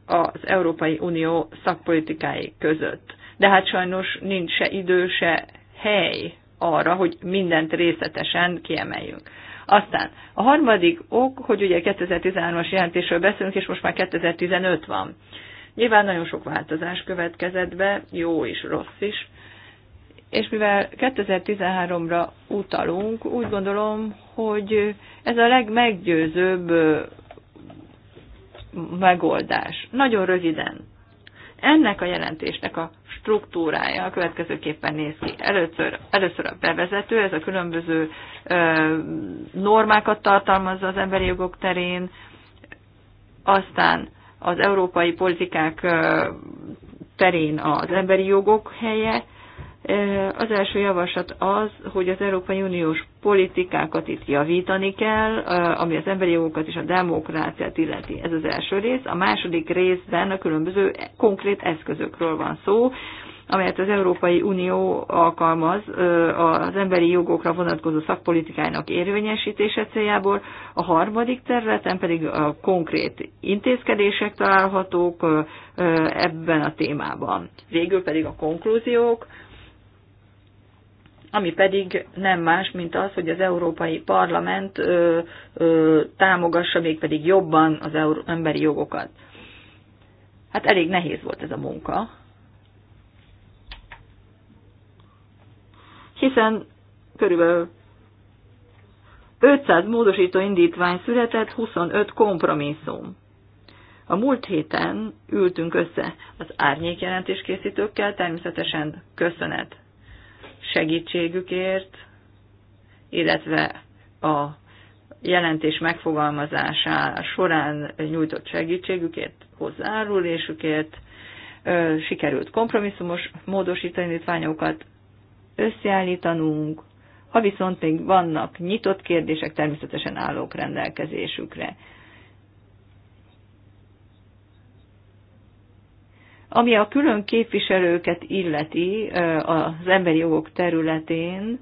az Európai Unió szakpolitikái között. De hát sajnos nincs se idő, se hely arra, hogy mindent részletesen kiemeljünk. Aztán a harmadik ok, hogy ugye 2013-as jelentésről beszélünk, és most már 2015 van. Nyilván nagyon sok változás következett be, jó is, rossz is és mivel 2013-ra utalunk, úgy gondolom, hogy ez a legmeggyőzőbb megoldás. Nagyon röviden. Ennek a jelentésnek a struktúrája a következőképpen néz ki. Először, először a bevezető, ez a különböző ö, normákat tartalmazza az emberi jogok terén, aztán az európai politikák ö, terén az emberi jogok helye, az első javaslat az, hogy az Európai Uniós politikákat itt javítani kell, ami az emberi jogokat és a demokráciát illeti. Ez az első rész. A második részben a különböző konkrét eszközökről van szó, amelyet az Európai Unió alkalmaz az emberi jogokra vonatkozó szakpolitikájának érvényesítése céljából, a harmadik területen pedig a konkrét intézkedések találhatók ebben a témában. Végül pedig a konklúziók, ami pedig nem más, mint az, hogy az Európai Parlament ö, ö, támogassa mégpedig jobban az euró, emberi jogokat. Hát elég nehéz volt ez a munka, hiszen körülbelül 500 módosító indítvány született, 25 kompromisszum. A múlt héten ültünk össze az árnyékjelentés készítőkkel, természetesen köszönet segítségükért, illetve a jelentés megfogalmazása során nyújtott segítségükért, hozzárulésükért, sikerült kompromisszumos módosítanítványokat összeállítanunk, ha viszont még vannak nyitott kérdések, természetesen állók rendelkezésükre. Ami a külön képviselőket illeti az emberi jogok területén,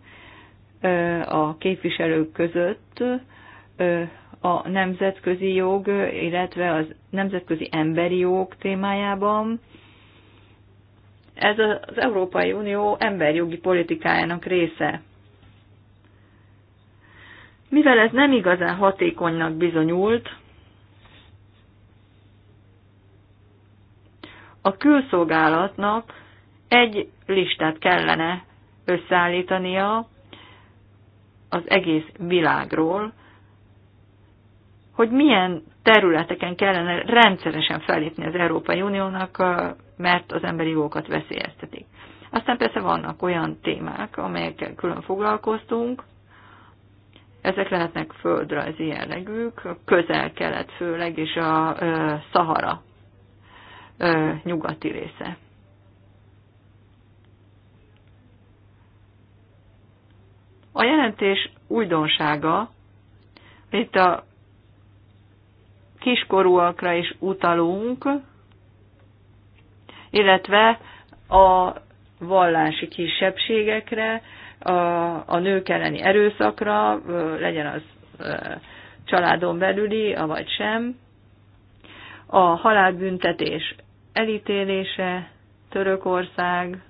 a képviselők között a nemzetközi jog, illetve az nemzetközi emberi jog témájában. Ez az Európai Unió emberjogi politikájának része. Mivel ez nem igazán hatékonynak bizonyult, a külszolgálatnak egy listát kellene összeállítania az egész világról, hogy milyen területeken kellene rendszeresen felépni az Európai Uniónak, mert az emberi jogokat veszélyeztetik. Aztán persze vannak olyan témák, amelyekkel külön foglalkoztunk, ezek lehetnek földrajzi jellegűk, közel-kelet főleg, és a Szahara ö, nyugati része. A jelentés újdonsága, itt a kiskorúakra is utalunk, illetve a vallási kisebbségekre, a, a nők elleni erőszakra, legyen az családon belüli, avagy sem, a halálbüntetés elítélése, Törökország,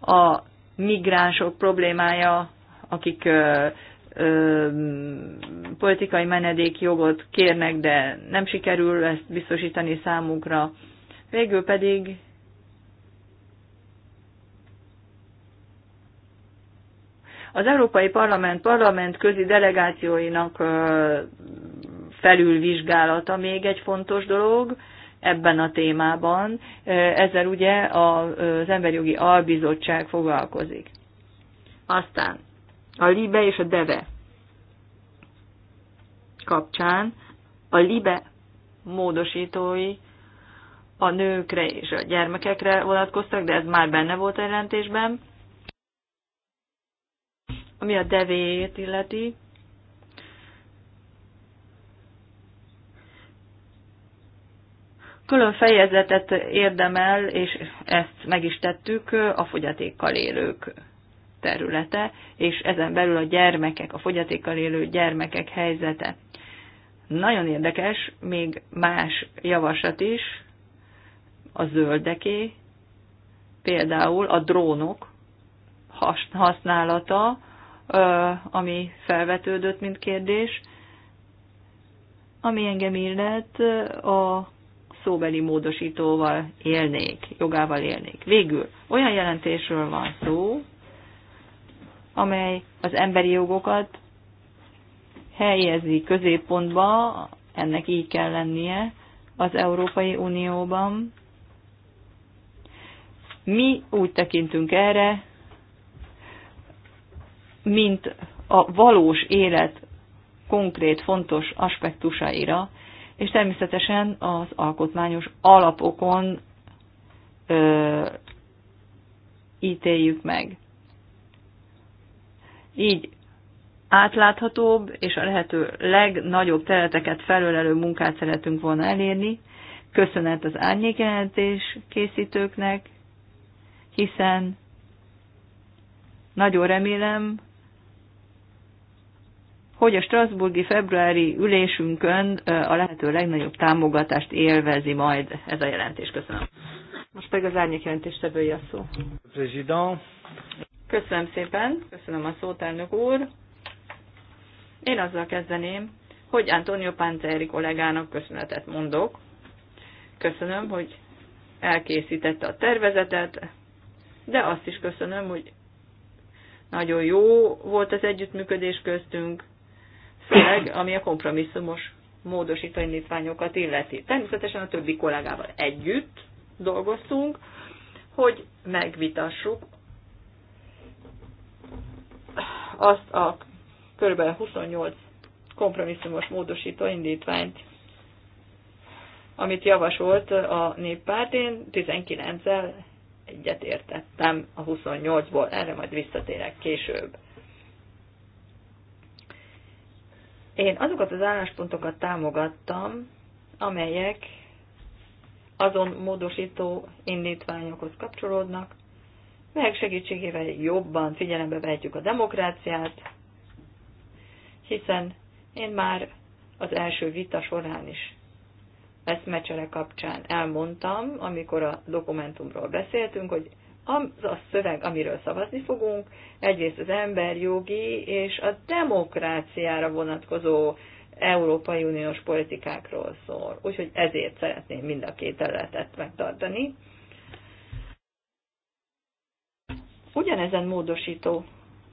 a migránsok problémája, akik ö, ö, politikai menedékjogot kérnek, de nem sikerül ezt biztosítani számukra. Végül pedig az Európai Parlament parlament közi delegációinak felülvizsgálata még egy fontos dolog ebben a témában. Ezzel ugye az Emberjogi Albizottság foglalkozik. Aztán a libe és a deve kapcsán a libe módosítói a nőkre és a gyermekekre vonatkoztak, de ez már benne volt a jelentésben. Ami a devét illeti, külön fejezetet érdemel, és ezt meg is tettük a fogyatékkal élők területe, és ezen belül a gyermekek, a fogyatékkal élő gyermekek helyzete. Nagyon érdekes, még más javaslat is, a zöldeké, például a drónok használata, ami felvetődött, mint kérdés, ami engem illet, a szóbeli módosítóval élnék, jogával élnék. Végül olyan jelentésről van szó, amely az emberi jogokat helyezi középpontba, ennek így kell lennie az Európai Unióban. Mi úgy tekintünk erre, mint a valós élet konkrét fontos aspektusaira, és természetesen az alkotmányos alapokon ö, ítéljük meg. Így átláthatóbb és a lehető legnagyobb területeket felölelő munkát szeretünk volna elérni. Köszönet az árnyékjelentés készítőknek, hiszen nagyon remélem, hogy a Strasburgi februári ülésünkön a lehető legnagyobb támogatást élvezi majd ez a jelentés. Köszönöm. Most pedig az árnyék jelentéstevője a szó. President. Köszönöm szépen, köszönöm a szót, elnök úr. Én azzal kezdeném, hogy Antonio Panzeri kollégának köszönetet mondok. Köszönöm, hogy elkészítette a tervezetet, de azt is köszönöm, hogy nagyon jó volt az együttműködés köztünk, főleg ami a kompromisszumos módosító indítványokat illeti. Természetesen a többi kollégával együtt dolgoztunk, hogy megvitassuk azt a kb. 28 kompromisszumos módosító indítványt, amit javasolt a néppárt. Én 19-el értettem a 28-ból, erre majd visszatérek később. Én azokat az álláspontokat támogattam, amelyek azon módosító indítványokhoz kapcsolódnak, melyek segítségével jobban figyelembe vehetjük a demokráciát, hiszen én már az első vita során is mecsere kapcsán elmondtam, amikor a dokumentumról beszéltünk, hogy az a szöveg, amiről szavazni fogunk, egyrészt az emberjogi és a demokráciára vonatkozó Európai Uniós politikákról szól. Úgyhogy ezért szeretném mind a két területet megtartani. Ugyanezen módosító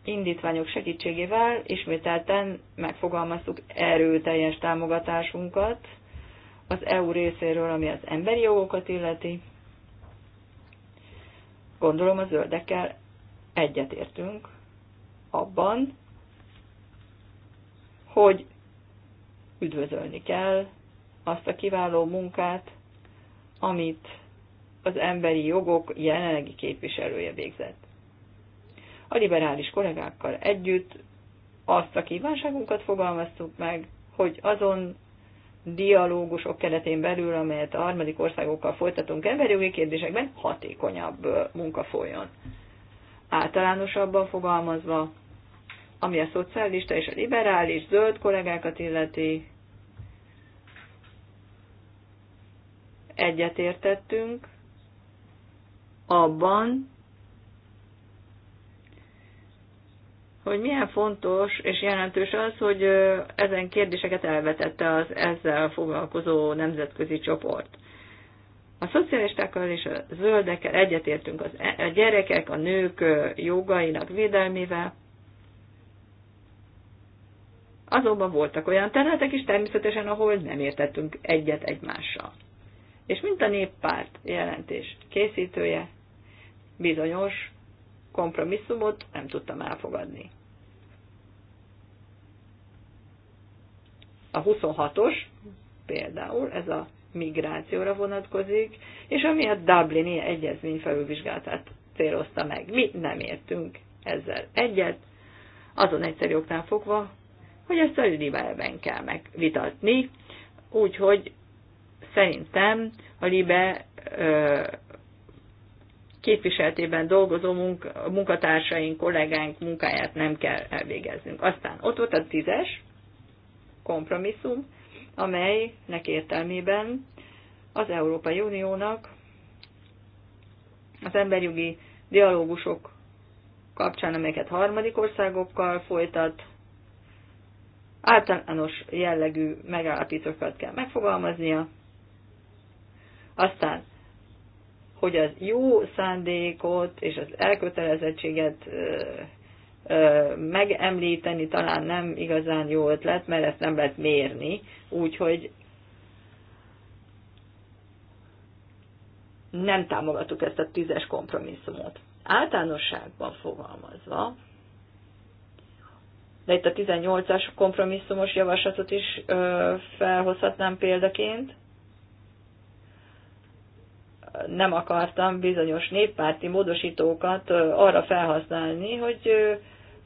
indítványok segítségével ismételten megfogalmaztuk erőteljes támogatásunkat az EU részéről, ami az emberi jogokat illeti, Gondolom a zöldekkel egyetértünk abban, hogy üdvözölni kell azt a kiváló munkát, amit az emberi jogok jelenlegi képviselője végzett. A liberális kollégákkal együtt azt a kívánságunkat fogalmaztuk meg, hogy azon dialógusok keretén belül, amelyet a harmadik országokkal folytatunk emberjogi kérdésekben, hatékonyabb munka folyjon. Általánosabban fogalmazva, ami a szocialista és a liberális zöld kollégákat illeti, egyetértettünk abban, hogy milyen fontos és jelentős az, hogy ezen kérdéseket elvetette az ezzel foglalkozó nemzetközi csoport. A szocialistákkal és a zöldekkel egyetértünk az e- a gyerekek, a nők jogainak védelmével. Azonban voltak olyan területek is természetesen, ahol nem értettünk egyet egymással. És mint a néppárt jelentés készítője, bizonyos kompromisszumot nem tudtam elfogadni. A 26-os például, ez a migrációra vonatkozik, és ami a Dublini egyezmény felülvizsgálatát célozta meg. Mi nem értünk ezzel egyet, azon egyszerű oknál fogva, hogy ezt a libelben kell megvitatni, úgyhogy szerintem a libe ö, képviseltében dolgozó munkatársaink, kollégáink munkáját nem kell elvégeznünk. Aztán ott volt a tízes kompromisszum, amelynek értelmében az Európai Uniónak az emberjogi dialógusok kapcsán, amelyeket harmadik országokkal folytat, általános jellegű megállapítókat kell megfogalmaznia, aztán hogy az jó szándékot és az elkötelezettséget megemlíteni talán nem igazán jó ötlet, mert ezt nem lehet mérni, úgyhogy nem támogatuk ezt a tízes kompromisszumot. Általánosságban fogalmazva, de itt a 18-as kompromisszumos javaslatot is ö, felhozhatnám példaként, nem akartam bizonyos néppárti módosítókat arra felhasználni, hogy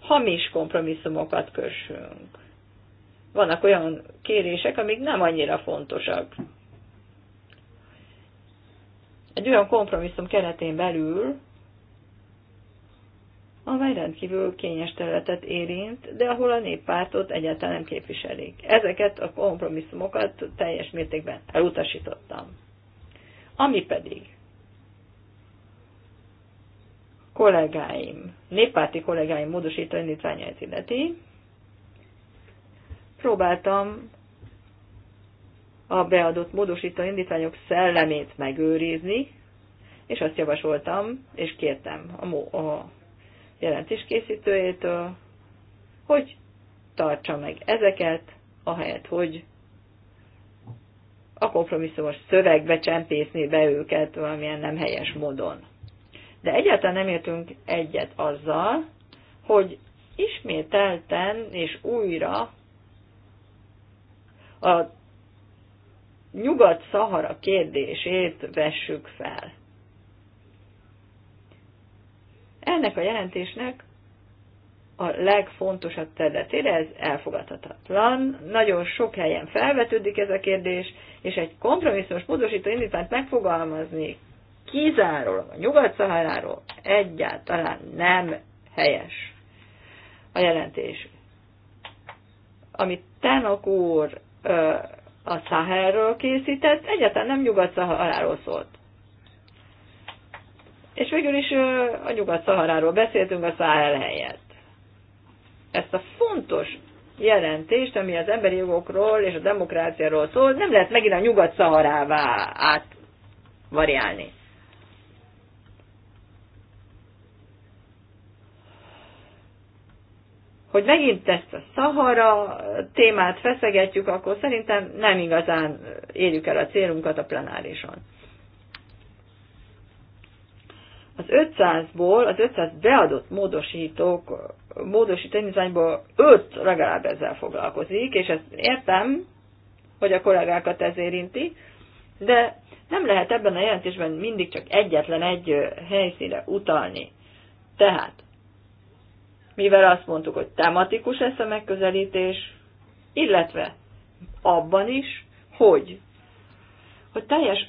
hamis kompromisszumokat kössünk. Vannak olyan kérések, amik nem annyira fontosak. Egy olyan kompromisszum keretén belül, amely rendkívül kényes területet érint, de ahol a néppártot egyáltalán nem képviselik. Ezeket a kompromisszumokat teljes mértékben elutasítottam. Ami pedig kollégáim, néppárti kollégáim módosító indítványait illeti, próbáltam a beadott módosító indítványok szellemét megőrizni, és azt javasoltam, és kértem a, a jelentés készítőjétől, hogy tartsa meg ezeket, ahelyett, hogy a kompromisszumos szövegbe csempészni be őket valamilyen nem helyes módon. De egyáltalán nem értünk egyet azzal, hogy ismételten és újra a Nyugat-Szahara kérdését vessük fel. Ennek a jelentésnek a legfontosabb területére, ez elfogadhatatlan. Nagyon sok helyen felvetődik ez a kérdés, és egy kompromisszumos módosító indítványt megfogalmazni kizárólag a Nyugat-Szaharáról egyáltalán nem helyes a jelentés. Amit Tánok úr ö, a Szahelről készített, egyáltalán nem Nyugat-Szaharáról szólt. És végül is ö, a Nyugat-Szaharáról beszéltünk a Szahel helyett ezt a fontos jelentést, ami az emberi jogokról és a demokráciáról szól, nem lehet megint a nyugat-szaharává átvariálni. Hogy megint ezt a Szahara témát feszegetjük, akkor szerintem nem igazán érjük el a célunkat a plenárison. Az 500-ból, az 500 beadott módosítók módosítványból öt legalább ezzel foglalkozik, és ezt értem, hogy a kollégákat ez érinti, de nem lehet ebben a jelentésben mindig csak egyetlen egy helyszínre utalni. Tehát, mivel azt mondtuk, hogy tematikus ez a megközelítés, illetve abban is, hogy, hogy teljes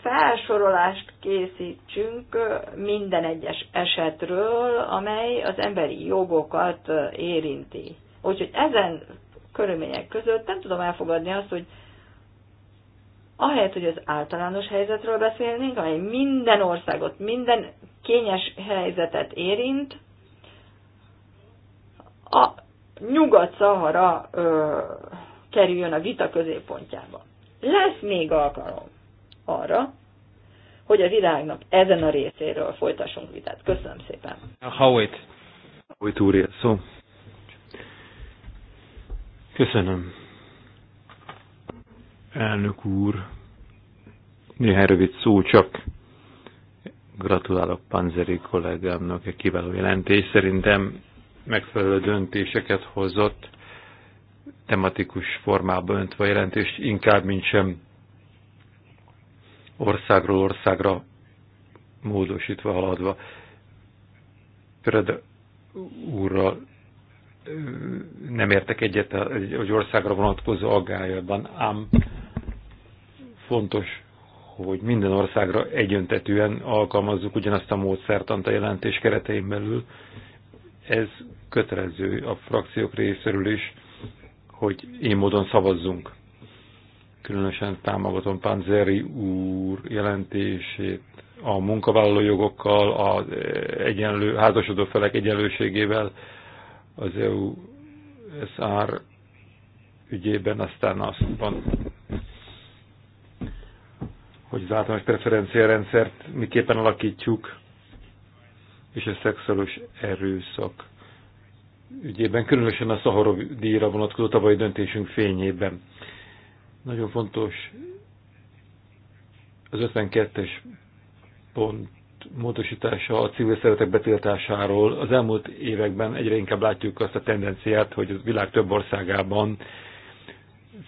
felsorolást készítsünk minden egyes esetről, amely az emberi jogokat érinti. Úgyhogy ezen körülmények között nem tudom elfogadni azt, hogy ahelyett, hogy az általános helyzetről beszélnénk, amely minden országot, minden kényes helyzetet érint, a Nyugat-Szahara kerüljön a vita középpontjába. Lesz még alkalom arra, hogy a világnak ezen a részéről folytassunk vitát. Köszönöm szépen. Howit. Howit úr, szó. Köszönöm. Elnök úr, néhány rövid szó csak. Gratulálok Panzeri kollégámnak egy kiváló jelentés. Szerintem megfelelő döntéseket hozott, tematikus formába öntve a jelentést, inkább, mint sem országról országra módosítva, haladva. Pred úrral nem értek egyet egy országra vonatkozó aggályában, ám fontos, hogy minden országra egyöntetűen alkalmazzuk ugyanazt a módszertant a jelentés keretein belül. Ez kötelező a frakciók részéről is, hogy én módon szavazzunk Különösen támogatom Panzeri úr jelentését a munkavállalójogokkal, az e, egyenlő, házasodó felek egyenlőségével, az EU SR ügyében, aztán az van, hogy az általános preferenciarendszert miképpen alakítjuk, és a szexuális erőszak ügyében, különösen a Szaharov díjra vonatkozó tavalyi döntésünk fényében. Nagyon fontos az 52-es pont módosítása a civil szeretek betiltásáról. Az elmúlt években egyre inkább látjuk azt a tendenciát, hogy a világ több országában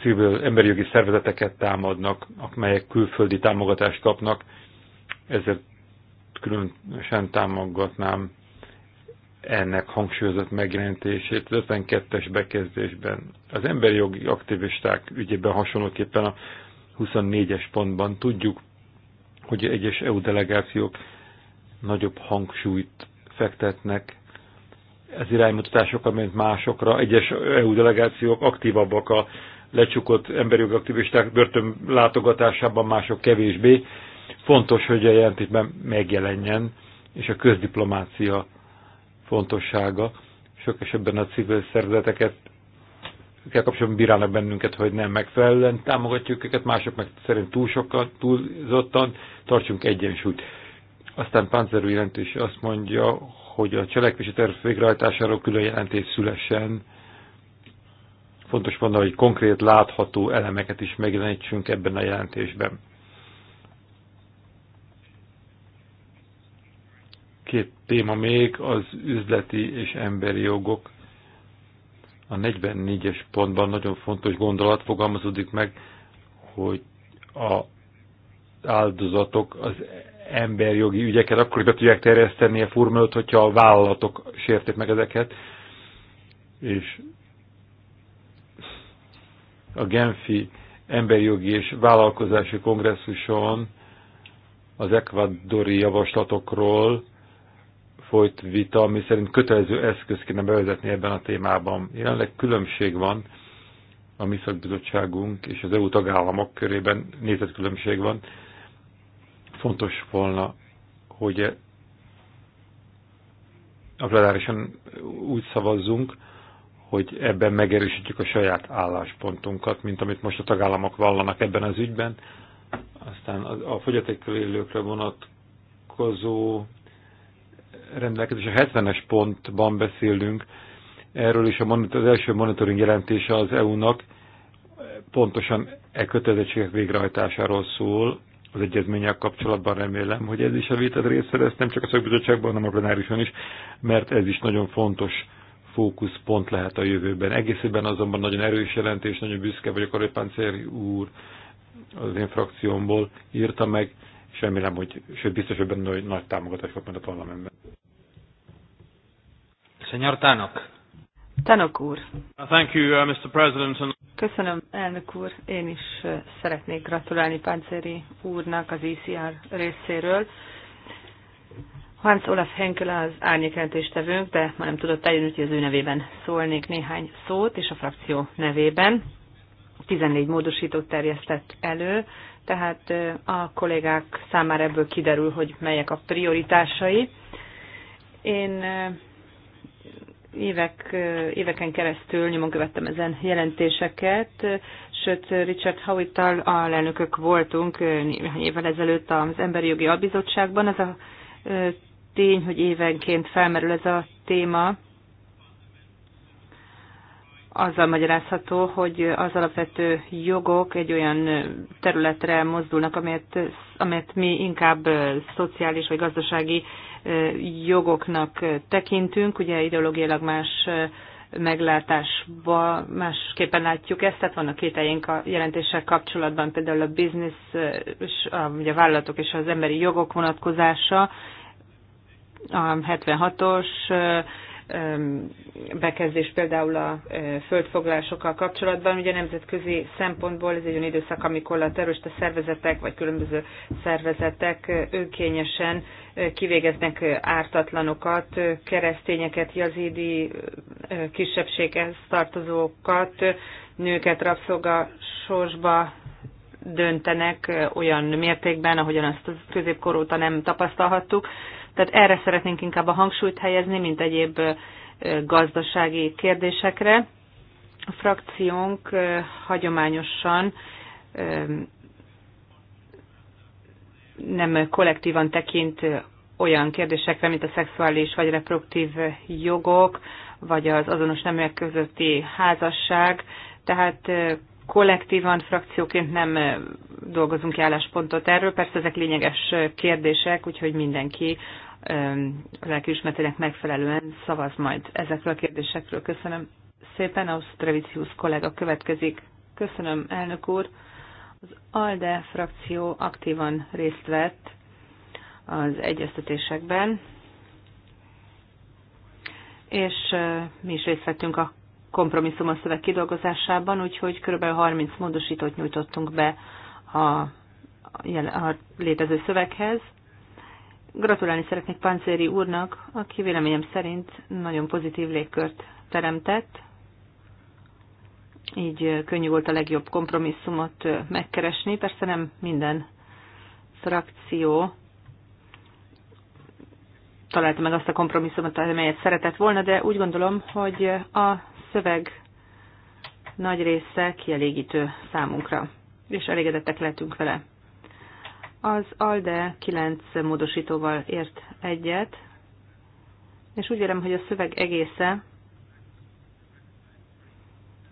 civil emberi jogi szervezeteket támadnak, amelyek külföldi támogatást kapnak. Ezért különösen támogatnám ennek hangsúlyozott megjelentését az 52-es bekezdésben. Az emberi jogi aktivisták ügyében hasonlóképpen a 24-es pontban tudjuk, hogy egyes EU delegációk nagyobb hangsúlyt fektetnek ez iránymutatásokra, mint másokra. Egyes EU delegációk aktívabbak a lecsukott emberi jogi aktivisták börtön látogatásában, mások kevésbé. Fontos, hogy a jelentésben megjelenjen, és a közdiplomácia fontossága. Sok esetben a civil szervezeteket kell kapcsolatban bírálnak bennünket, hogy nem megfelelően támogatjuk őket, mások meg szerint túl sokkal, túlzottan, tartsunk egyensúlyt. Aztán Panzerű jelentés azt mondja, hogy a cselekvési terv végrehajtásáról külön jelentés szülessen. Fontos mondani, hogy konkrét, látható elemeket is megjelenítsünk ebben a jelentésben. Két téma még az üzleti és emberi jogok. A 44-es pontban nagyon fontos gondolat fogalmazódik meg, hogy a áldozatok az emberjogi ügyeket akkor be tudják terjeszteni a formulót, hogyha a vállalatok sérték meg ezeket. És a Genfi emberjogi és vállalkozási kongresszuson az ekvadori javaslatokról folyt vita, ami szerint kötelező eszköz kéne bevezetni ebben a témában. Jelenleg különbség van a mi szakbizottságunk és az EU tagállamok körében nézetkülönbség van. Fontos volna, hogy a plenárisan úgy szavazzunk, hogy ebben megerősítjük a saját álláspontunkat, mint amit most a tagállamok vallanak ebben az ügyben. Aztán a fogyatékkal élőkre vonatkozó rendelkezés. A 70-es pontban beszélünk erről, is a monitor, az első monitoring jelentése az EU-nak pontosan e kötelezettségek végrehajtásáról szól, az egyezmények kapcsolatban remélem, hogy ez is a vétad része lesz, nem csak a szakbizottságban, hanem a plenárison is, mert ez is nagyon fontos fókuszpont lehet a jövőben. Egészében azonban nagyon erős jelentés, nagyon büszke vagyok, a Röpáncéri úr az én frakciómból írta meg, és remélem, hogy, sőt biztos, hogy benne, hogy nagy támogatást kap majd a parlamentben. Senyor Tánok. Tanok úr. Thank you, uh, Mr. President. Köszönöm, elnök úr. Én is uh, szeretnék gratulálni Páncéri úrnak az ICR e részéről. Hans Olaf Henkel az árnyékrendtéstevőnk, de ma nem tudott eljönni, hogy az ő nevében szólnék néhány szót, és a frakció nevében. 14 módosítót terjesztett elő, tehát a kollégák számára ebből kiderül, hogy melyek a prioritásai. Én évek, éveken keresztül nyomon követtem ezen jelentéseket, sőt Richard Howittal a lelnökök voltunk néhány évvel ezelőtt az Emberi Jogi Albizottságban. Az a tény, hogy évenként felmerül ez a téma, azzal magyarázható, hogy az alapvető jogok egy olyan területre mozdulnak, amelyet, amelyet mi inkább szociális vagy gazdasági jogoknak tekintünk. Ugye ideológiailag más meglátásba másképpen látjuk ezt, tehát vannak kételjénk a jelentéssel kapcsolatban, például a biznisz, és a, ugye a vállalatok és az emberi jogok vonatkozása, a 76-os bekezdés például a földfoglalásokkal kapcsolatban. Ugye nemzetközi szempontból ez egy olyan időszak, amikor a terrorista szervezetek vagy különböző szervezetek önkényesen kivégeznek ártatlanokat, keresztényeket, jazidi kisebbséghez tartozókat, nőket rabszolgasorsba döntenek olyan mértékben, ahogyan azt a középkor óta nem tapasztalhattuk. Tehát erre szeretnénk inkább a hangsúlyt helyezni, mint egyéb gazdasági kérdésekre. A frakciónk hagyományosan nem kollektívan tekint olyan kérdésekre, mint a szexuális vagy reproduktív jogok, vagy az azonos neműek közötti házasság. Tehát kollektívan, frakcióként nem dolgozunk ki álláspontot erről. Persze ezek lényeges kérdések, úgyhogy mindenki lelkiismeretének megfelelően szavaz majd ezekről a kérdésekről. Köszönöm szépen, Ausztravicius kollega következik. Köszönöm, elnök úr. Az ALDE frakció aktívan részt vett az egyeztetésekben, és mi is részt vettünk a kompromisszumos szöveg kidolgozásában, úgyhogy kb. 30 módosítót nyújtottunk be a, a létező szöveghez. Gratulálni szeretnék Pancéri úrnak, aki véleményem szerint nagyon pozitív légkört teremtett, így könnyű volt a legjobb kompromisszumot megkeresni. Persze nem minden frakció találta meg azt a kompromisszumot, amelyet szeretett volna, de úgy gondolom, hogy a szöveg nagy része kielégítő számunkra, és elégedettek lettünk vele. Az ALDE 9 módosítóval ért egyet, és úgy vélem, hogy a szöveg egésze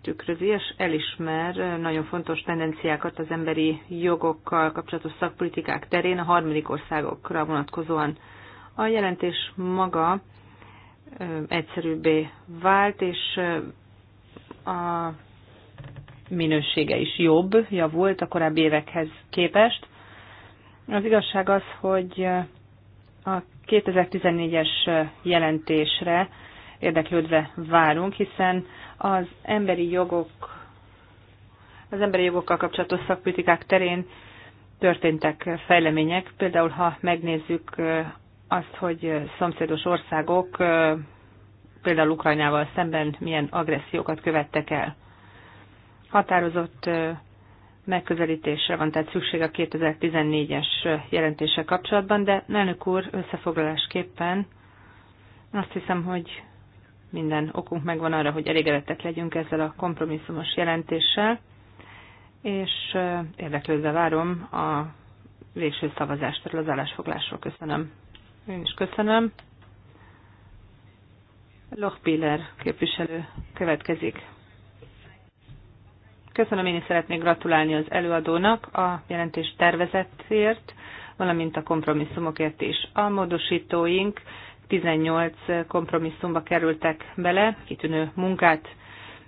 tükrözi és elismer nagyon fontos tendenciákat az emberi jogokkal kapcsolatos szakpolitikák terén a harmadik országokra vonatkozóan. A jelentés maga egyszerűbbé vált, és a minősége is jobb, javult a korábbi évekhez képest. Az igazság az, hogy a 2014-es jelentésre érdeklődve várunk, hiszen az emberi jogok az emberi jogokkal kapcsolatos szakpolitikák terén történtek fejlemények. Például, ha megnézzük azt, hogy szomszédos országok például Ukrajnával szemben milyen agressziókat követtek el. Határozott megközelítésre van tehát szükség a 2014-es jelentése kapcsolatban, de elnök úr összefoglalásképpen azt hiszem, hogy minden okunk megvan arra, hogy elégedettek legyünk ezzel a kompromisszumos jelentéssel, és érdeklődve várom a végső szavazást erről az állásfoglásról. Köszönöm. Én is köszönöm. Loch Piller képviselő következik. Köszönöm, én is szeretnék gratulálni az előadónak a jelentés tervezetért, valamint a kompromisszumokért is. A módosítóink 18 kompromisszumba kerültek bele, kitűnő munkát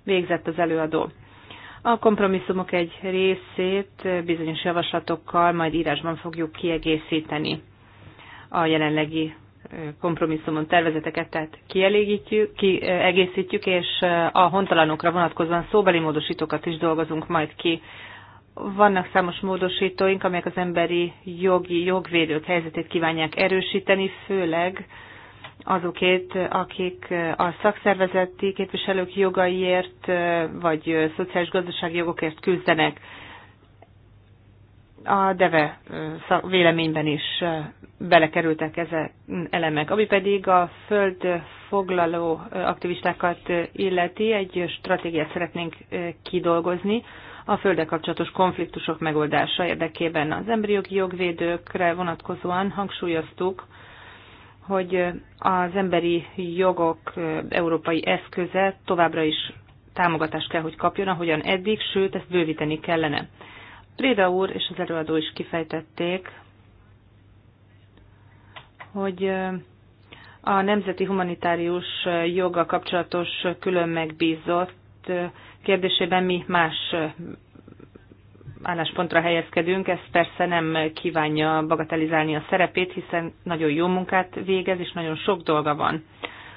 végzett az előadó. A kompromisszumok egy részét bizonyos javaslatokkal majd írásban fogjuk kiegészíteni a jelenlegi kompromisszumon tervezeteket, tehát kielégítjük, kiegészítjük, és a hontalanokra vonatkozóan szóbeli módosítókat is dolgozunk majd ki. Vannak számos módosítóink, amelyek az emberi jogi jogvédők helyzetét kívánják erősíteni, főleg azokét, akik a szakszervezeti képviselők jogaiért vagy szociális gazdasági jogokért küzdenek a DEVE véleményben is belekerültek ezen elemek, ami pedig a föld foglaló aktivistákat illeti, egy stratégiát szeretnénk kidolgozni a földek kapcsolatos konfliktusok megoldása érdekében. Az embriók jogvédőkre vonatkozóan hangsúlyoztuk, hogy az emberi jogok európai eszköze továbbra is támogatást kell, hogy kapjon, ahogyan eddig, sőt, ezt bővíteni kellene. Préda úr és az előadó is kifejtették, hogy a Nemzeti Humanitárius Joga kapcsolatos külön megbízott kérdésében mi más álláspontra helyezkedünk. Ez persze nem kívánja bagatelizálni a szerepét, hiszen nagyon jó munkát végez, és nagyon sok dolga van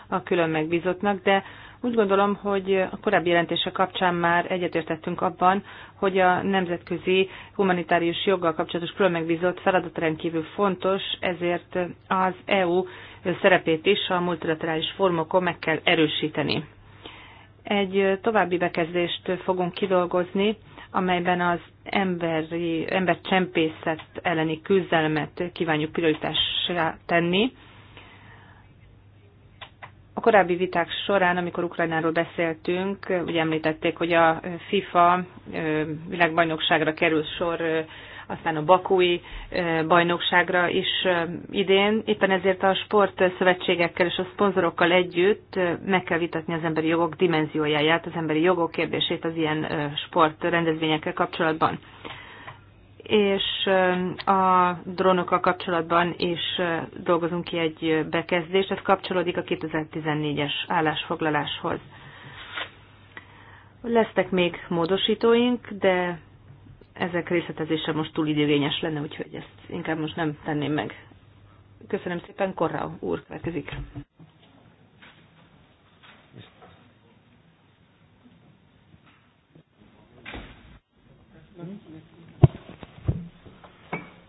a külön megbízottnak, de úgy gondolom, hogy a korábbi jelentése kapcsán már egyetértettünk abban, hogy a nemzetközi humanitárius joggal kapcsolatos különmegbízott feladat rendkívül fontos, ezért az EU szerepét is a multilaterális formokon meg kell erősíteni. Egy további bekezdést fogunk kidolgozni, amelyben az emberi, embercsempészet elleni küzdelmet kívánjuk prioritásra tenni, korábbi viták során, amikor Ukrajnáról beszéltünk, ugye említették, hogy a FIFA világbajnokságra kerül sor, aztán a Bakúi bajnokságra is idén. Éppen ezért a sportszövetségekkel és a szponzorokkal együtt meg kell vitatni az emberi jogok dimenziójáját, az emberi jogok kérdését az ilyen sportrendezvényekkel kapcsolatban és a drónokkal kapcsolatban is dolgozunk ki egy bekezdést, ez kapcsolódik a 2014-es állásfoglaláshoz. Lesznek még módosítóink, de ezek részletezése most túl időgényes lenne, úgyhogy ezt inkább most nem tenném meg. Köszönöm szépen, Korra úr következik.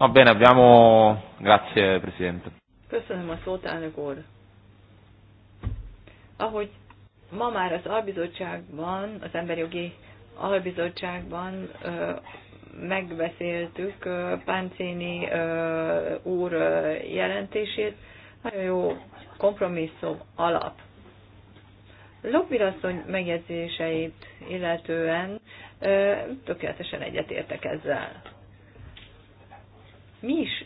Va bene, abbiamo... Grazie, Presidente. Köszönöm a szót, elnök úr. Ahogy ma már az albizottságban, az emberi jogi albizottságban megbeszéltük Páncéni úr jelentését, nagyon jó kompromisszum alap. Lopvirasszony megjegyzéseit illetően tökéletesen egyetértek ezzel mi is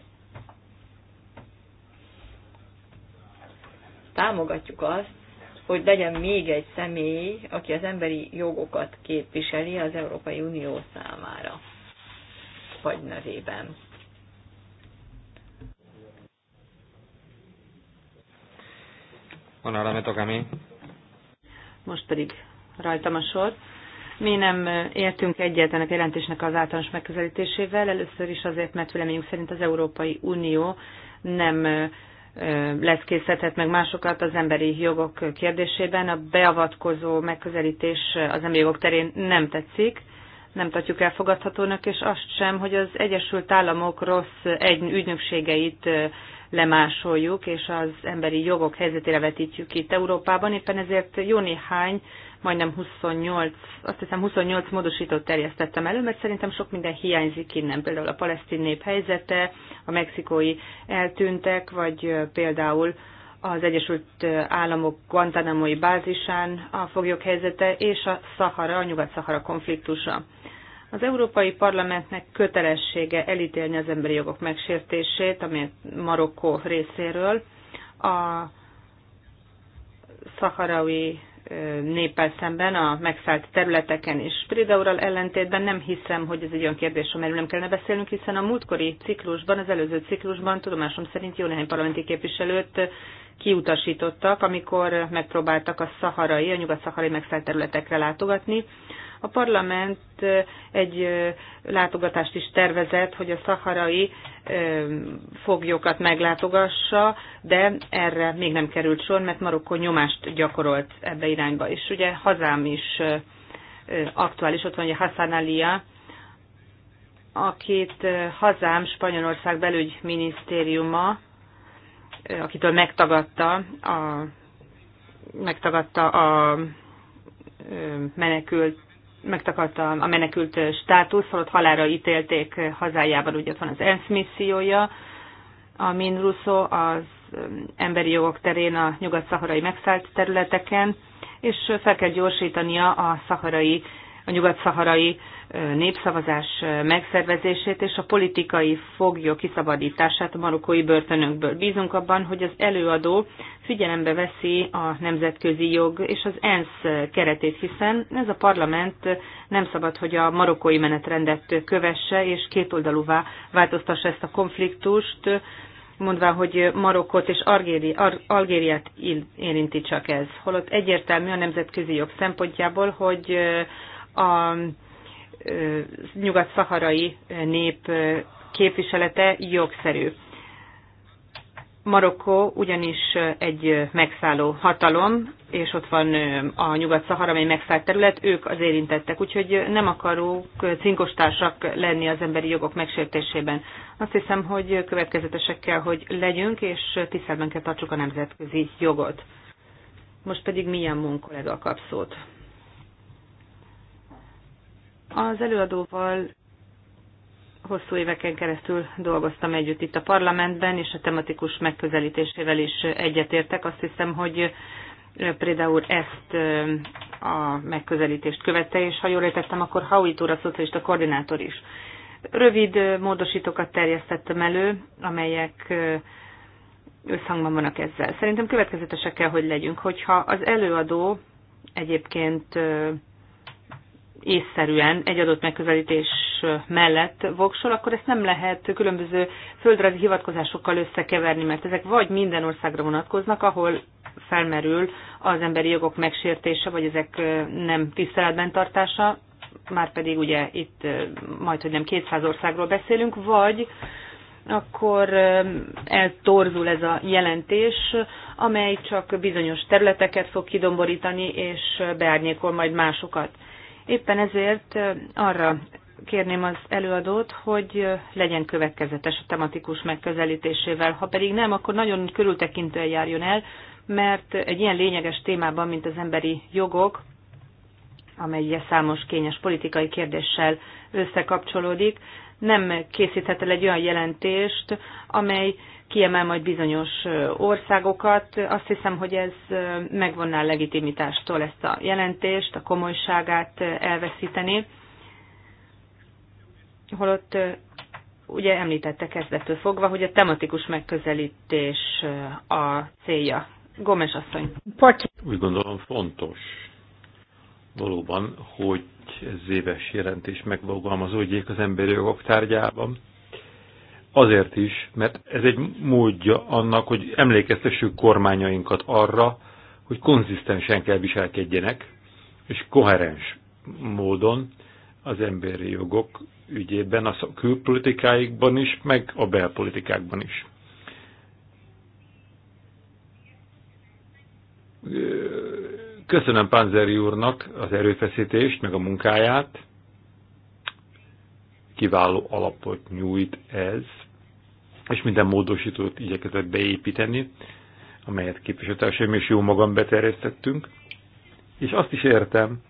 támogatjuk azt, hogy legyen még egy személy, aki az emberi jogokat képviseli az Európai Unió számára, vagy nevében. Most pedig rajtam a sor. Mi nem értünk egyet ennek jelentésnek az általános megközelítésével, először is azért, mert véleményünk szerint az Európai Unió nem leszkészhetett meg másokat az emberi jogok kérdésében. A beavatkozó megközelítés az emberi jogok terén nem tetszik, nem tartjuk elfogadhatónak, és azt sem, hogy az Egyesült Államok rossz egy ügynökségeit lemásoljuk, és az emberi jogok helyzetére vetítjük itt Európában. Éppen ezért jó néhány majdnem 28, azt hiszem 28 módosítót terjesztettem elő, mert szerintem sok minden hiányzik innen, például a palesztin nép helyzete, a mexikói eltűntek, vagy például az Egyesült Államok Guantanamo-i bázisán a foglyok helyzete és a Szahara, a Nyugat-Szahara konfliktusa. Az Európai Parlamentnek kötelessége elítélni az emberi jogok megsértését, amelyet Marokkó részéről a szaharaui néppel szemben a megszállt területeken is. Pridaurral ellentétben nem hiszem, hogy ez egy olyan kérdés, amiről nem kellene beszélnünk, hiszen a múltkori ciklusban, az előző ciklusban tudomásom szerint jó néhány parlamenti képviselőt kiutasítottak, amikor megpróbáltak a szaharai, a nyugat-szaharai megszállt területekre látogatni. A parlament egy látogatást is tervezett, hogy a szaharai foglyokat meglátogassa, de erre még nem került sor, mert Marokkó nyomást gyakorolt ebbe irányba. És ugye hazám is aktuális, ott van ugye Hassan Alia, akit hazám Spanyolország belügyminisztériuma, akitől megtagadta a, megtagadta a menekült megtakarta a menekült státusz, holott halára ítélték hazájában, ugye ott van az ENSZ missziója, a Min Russo az um, emberi jogok terén a nyugat-szaharai megszállt területeken, és fel kell gyorsítania a szaharai, a nyugat-szaharai népszavazás megszervezését és a politikai foglyok kiszabadítását a marokkói börtönökből. Bízunk abban, hogy az előadó figyelembe veszi a nemzetközi jog és az ENSZ keretét, hiszen ez a parlament nem szabad, hogy a marokkói menetrendet kövesse és kétoldalúvá változtassa ezt a konfliktust, mondván, hogy Marokkot és Algéri, Algériát érinti csak ez. Holott egyértelmű a nemzetközi jog szempontjából, hogy a nyugat-szaharai nép képviselete jogszerű. Marokkó ugyanis egy megszálló hatalom, és ott van a Nyugat-Szahara, amely megszállt terület, ők az érintettek, úgyhogy nem akarók cinkostársak lenni az emberi jogok megsértésében. Azt hiszem, hogy következetesek kell, hogy legyünk, és tisztelben kell tartsuk a nemzetközi jogot. Most pedig milyen munk kollega kap szót. Az előadóval hosszú éveken keresztül dolgoztam együtt itt a parlamentben, és a tematikus megközelítésével is egyetértek. Azt hiszem, hogy Préda úr ezt a megközelítést követte, és ha jól értettem, akkor Hauit úr a szocialista koordinátor is. Rövid módosítókat terjesztettem elő, amelyek összhangban vannak ezzel. Szerintem következetesek kell, hogy legyünk, hogyha az előadó egyébként észszerűen egy adott megközelítés mellett voksol, akkor ezt nem lehet különböző földrajzi hivatkozásokkal összekeverni, mert ezek vagy minden országra vonatkoznak, ahol felmerül az emberi jogok megsértése, vagy ezek nem tiszteletben tartása, már pedig ugye itt majd, hogy nem 200 országról beszélünk, vagy akkor eltorzul ez a jelentés, amely csak bizonyos területeket fog kidomborítani, és beárnyékol majd másokat. Éppen ezért arra kérném az előadót, hogy legyen következetes a tematikus megközelítésével. Ha pedig nem, akkor nagyon körültekintően járjon el, mert egy ilyen lényeges témában, mint az emberi jogok, amely számos kényes politikai kérdéssel összekapcsolódik, nem készíthet el egy olyan jelentést, amely kiemel majd bizonyos országokat. Azt hiszem, hogy ez megvonná a legitimitástól ezt a jelentést, a komolyságát elveszíteni. Holott ugye említette kezdettől fogva, hogy a tematikus megközelítés a célja. Gomes asszony. Úgy gondolom fontos valóban, hogy ez éves jelentés megfogalmazódjék az emberi jogok tárgyában Azért is, mert ez egy módja annak, hogy emlékeztessük kormányainkat arra, hogy konzisztensen kell viselkedjenek, és koherens módon az emberi jogok ügyében, a külpolitikáikban is, meg a belpolitikákban is. Köszönöm Panzeri úrnak az erőfeszítést, meg a munkáját. Kiváló alapot nyújt ez és minden módosítót igyekezett beépíteni, amelyet képviselőtársaim és jó magam beterjesztettünk. És azt is értem,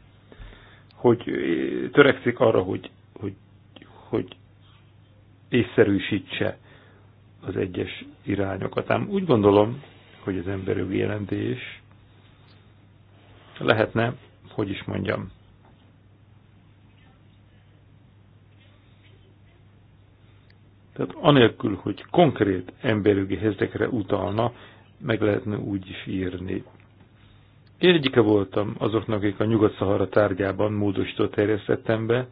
hogy eh, törekszik arra, hogy, hogy, hogy észszerűsítse az egyes irányokat. Ám úgy gondolom, hogy az emberi jelentés lehetne, hogy is mondjam, Tehát anélkül, hogy konkrét emberjogi helyzetekre utalna, meg lehetne úgy is írni. Én egyike voltam azoknak, akik a Nyugat-Szahara tárgyában módosított terjesztettem be,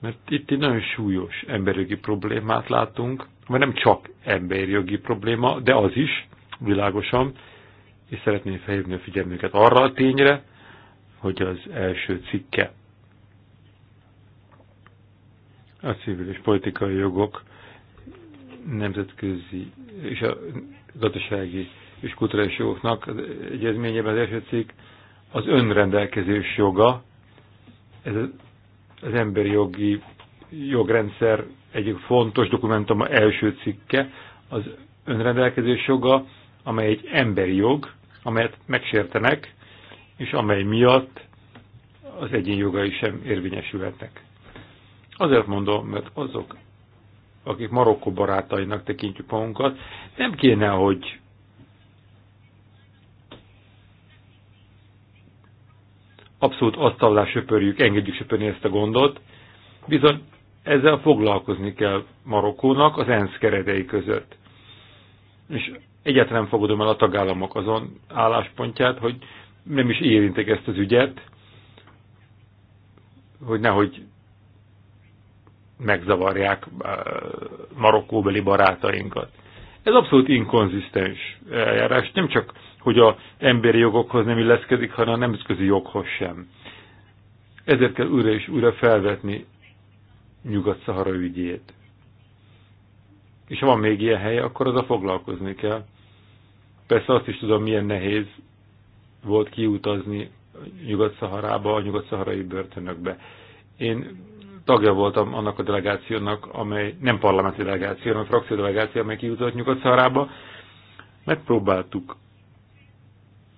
mert itt egy nagyon súlyos emberjogi problémát látunk, mert nem csak emberjogi probléma, de az is, világosan, és szeretném felhívni a figyelmüket arra a tényre, hogy az első cikke a civil és politikai jogok nemzetközi és a gazdasági és kulturális jogoknak az egyezményében az első cikk az önrendelkezés joga, ez az emberi jogi jogrendszer egyik fontos dokumentuma első cikke, az önrendelkezés joga, amely egy emberi jog, amelyet megsértenek, és amely miatt az egyén jogai sem érvényesülhetnek. Azért mondom, mert azok, akik Marokkó barátainak tekintjük magunkat, nem kéne, hogy abszolút asztallá söpörjük, engedjük söpörni ezt a gondot. Bizony ezzel foglalkozni kell Marokkónak az ENSZ keredei között. És egyáltalán fogadom el a tagállamok azon álláspontját, hogy nem is érintek ezt az ügyet, hogy nehogy megzavarják marokkóbeli barátainkat. Ez abszolút inkonzisztens eljárás, nem csak, hogy a emberi jogokhoz nem illeszkedik, hanem a nemzetközi joghoz sem. Ezért kell újra és újra felvetni Nyugat-Szahara ügyét. És ha van még ilyen hely, akkor az a foglalkozni kell. Persze azt is tudom, milyen nehéz volt kiutazni Nyugat-Szaharába, a nyugat-szaharai börtönökbe. Én tagja voltam annak a delegációnak, amely nem parlamenti delegáció, hanem frakció delegáció, amely kijutott Nyugat-Szarába. Megpróbáltuk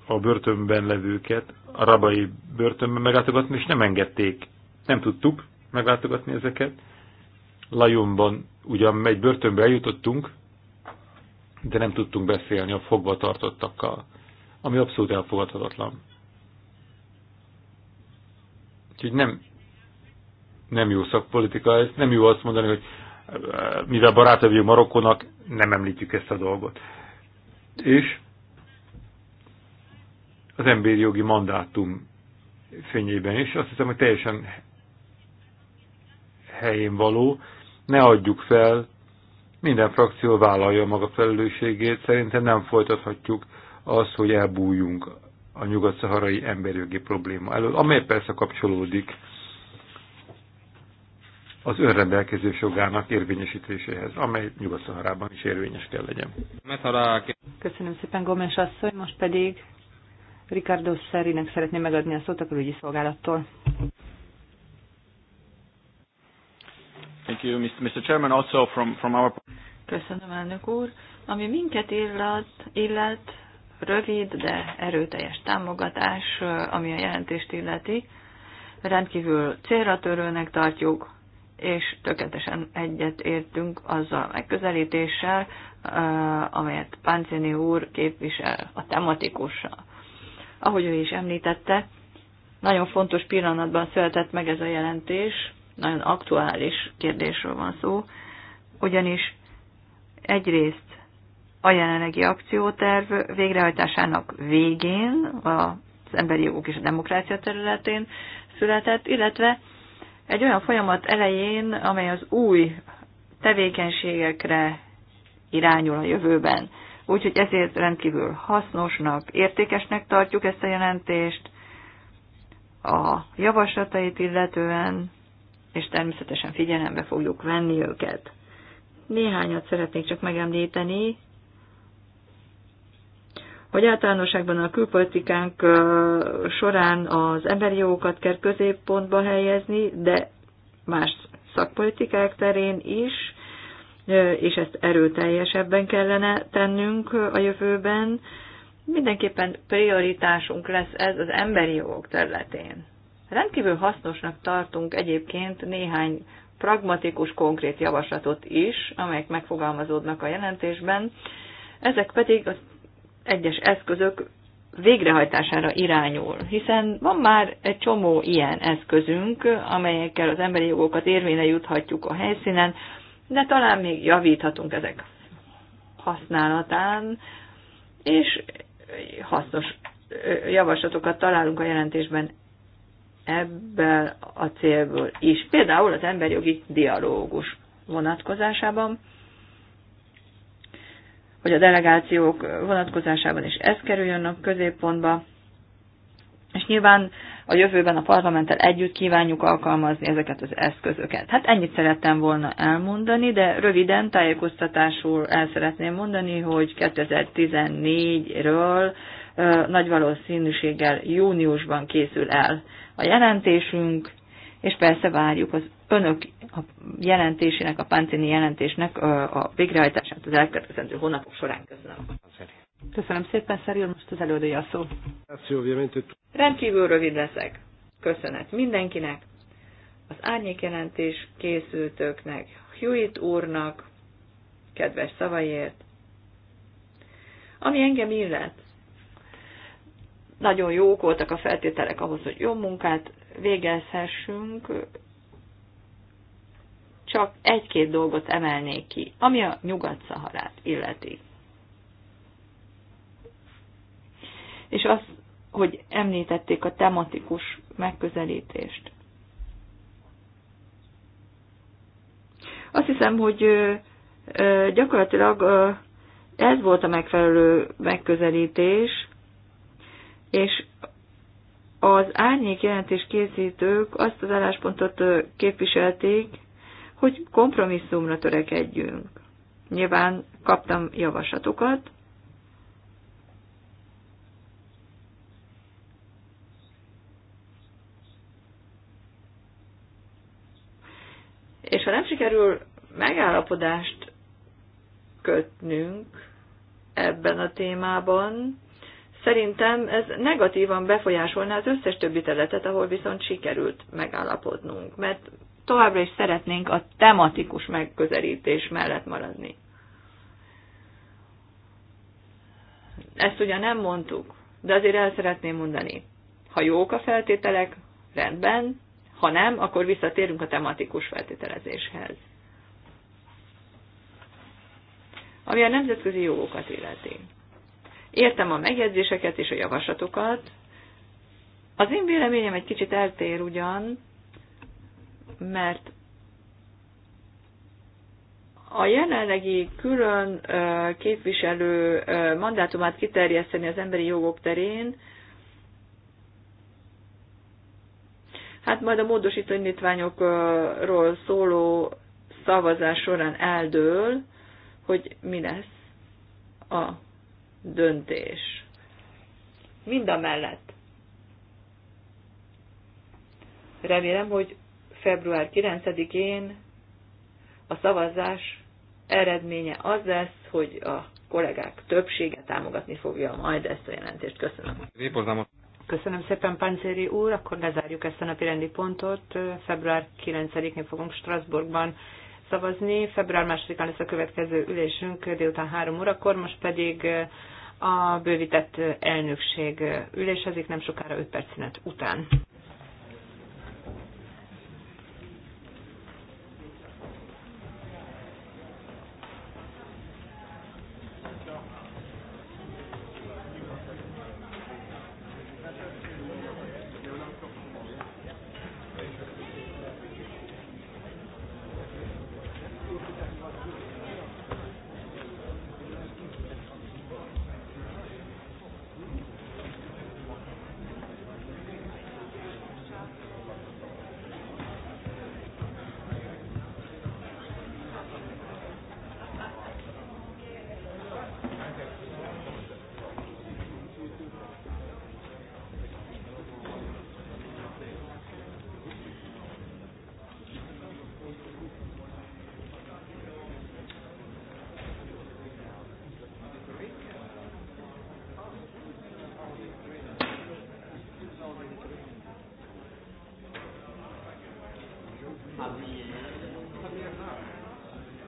a börtönben levőket, a rabai börtönben meglátogatni, és nem engedték. Nem tudtuk meglátogatni ezeket. Lajonban ugyan egy börtönbe eljutottunk, de nem tudtunk beszélni a fogva tartottakkal, ami abszolút elfogadhatatlan. Úgyhogy nem nem jó szakpolitika ez, nem jó azt mondani, hogy eh, mivel barátai vagyunk Marokkónak, nem említjük ezt a dolgot. És az emberi jogi mandátum fényében is, azt hiszem, hogy teljesen helyén való, ne adjuk fel, minden frakció vállalja maga felelősségét, szerintem nem folytathatjuk azt, hogy elbújjunk a nyugat-szaharai emberjogi probléma elől, amely persze kapcsolódik az önrendelkezés jogának érvényesítéséhez, amely Nyugat-Szaharában is érvényes kell legyen. Köszönöm szépen, Gomes asszony, most pedig Ricardo Szerinek szeretném megadni a szót a külügyi szolgálattól. Thank you, Mr. Chairman, also from, from our... Köszönöm, elnök úr. Ami minket illat, illet, rövid, de erőteljes támogatás, ami a jelentést illeti, rendkívül célra törőnek tartjuk, és tökéletesen egyet értünk azzal a megközelítéssel, eh, amelyet Páncéni úr képvisel a tematikussal. Ahogy ő is említette, nagyon fontos pillanatban született meg ez a jelentés, nagyon aktuális kérdésről van szó, ugyanis egyrészt a jelenlegi akcióterv végrehajtásának végén, az emberi jogok és a demokrácia területén született, illetve egy olyan folyamat elején, amely az új tevékenységekre irányul a jövőben. Úgyhogy ezért rendkívül hasznosnak, értékesnek tartjuk ezt a jelentést, a javaslatait illetően, és természetesen figyelembe fogjuk venni őket. Néhányat szeretnék csak megemlíteni, hogy általánosságban a külpolitikánk során az emberi jogokat kell középpontba helyezni, de más szakpolitikák terén is, és ezt erőteljesebben kellene tennünk a jövőben. Mindenképpen prioritásunk lesz ez az emberi jogok területén. Rendkívül hasznosnak tartunk egyébként néhány pragmatikus, konkrét javaslatot is, amelyek megfogalmazódnak a jelentésben, ezek pedig a egyes eszközök végrehajtására irányul, hiszen van már egy csomó ilyen eszközünk, amelyekkel az emberi jogokat érvényre juthatjuk a helyszínen, de talán még javíthatunk ezek használatán, és hasznos javaslatokat találunk a jelentésben ebből a célból is. Például az emberjogi dialógus vonatkozásában hogy a delegációk vonatkozásában is ez kerüljön a középpontba, és nyilván a jövőben a parlamenttel együtt kívánjuk alkalmazni ezeket az eszközöket. Hát ennyit szerettem volna elmondani, de röviden tájékoztatásul el szeretném mondani, hogy 2014-ről nagy valószínűséggel júniusban készül el a jelentésünk, és persze várjuk az önök a jelentésének, a páncéni jelentésnek a végrehajtását az elkövetkezendő hónapok során köszönöm. Köszönöm szépen, Szerion, most az előadója a szó. Rendkívül rövid leszek. Köszönet mindenkinek, az jelentés készültőknek, Hewitt úrnak, kedves szavaiért, ami engem illet. Nagyon jók voltak a feltételek ahhoz, hogy jó munkát végezhessünk, csak egy-két dolgot emelnék ki, ami a Nyugat-Szaharát illeti. És az, hogy említették a tematikus megközelítést. Azt hiszem, hogy gyakorlatilag ez volt a megfelelő megközelítés, és az árnyék jelentés készítők azt az álláspontot képviselték, hogy kompromisszumra törekedjünk. Nyilván kaptam javaslatokat, és ha nem sikerül megállapodást kötnünk ebben a témában, szerintem ez negatívan befolyásolná az összes többi területet, ahol viszont sikerült megállapodnunk, mert továbbra is szeretnénk a tematikus megközelítés mellett maradni. Ezt ugyan nem mondtuk, de azért el szeretném mondani. Ha jók a feltételek, rendben, ha nem, akkor visszatérünk a tematikus feltételezéshez. Ami a nemzetközi jogokat illeti. Értem a megjegyzéseket és a javaslatokat. Az én véleményem egy kicsit eltér ugyan, mert a jelenlegi külön képviselő mandátumát kiterjeszteni az emberi jogok terén, hát majd a módosító indítványokról szóló szavazás során eldől, hogy mi lesz a döntés. Mind a mellett. Remélem, hogy február 9-én a szavazás eredménye az lesz, hogy a kollégák többsége támogatni fogja majd ezt a jelentést. Köszönöm. Köszönöm szépen, Pancéri úr. Akkor lezárjuk ezt a napi rendi pontot. Február 9-én fogunk Strasbourgban szavazni. Február 2-án lesz a következő ülésünk délután 3 órakor, most pedig eh, a bővített eh, elnökség eh, ülésezik nem sokára 5 perc szünet után.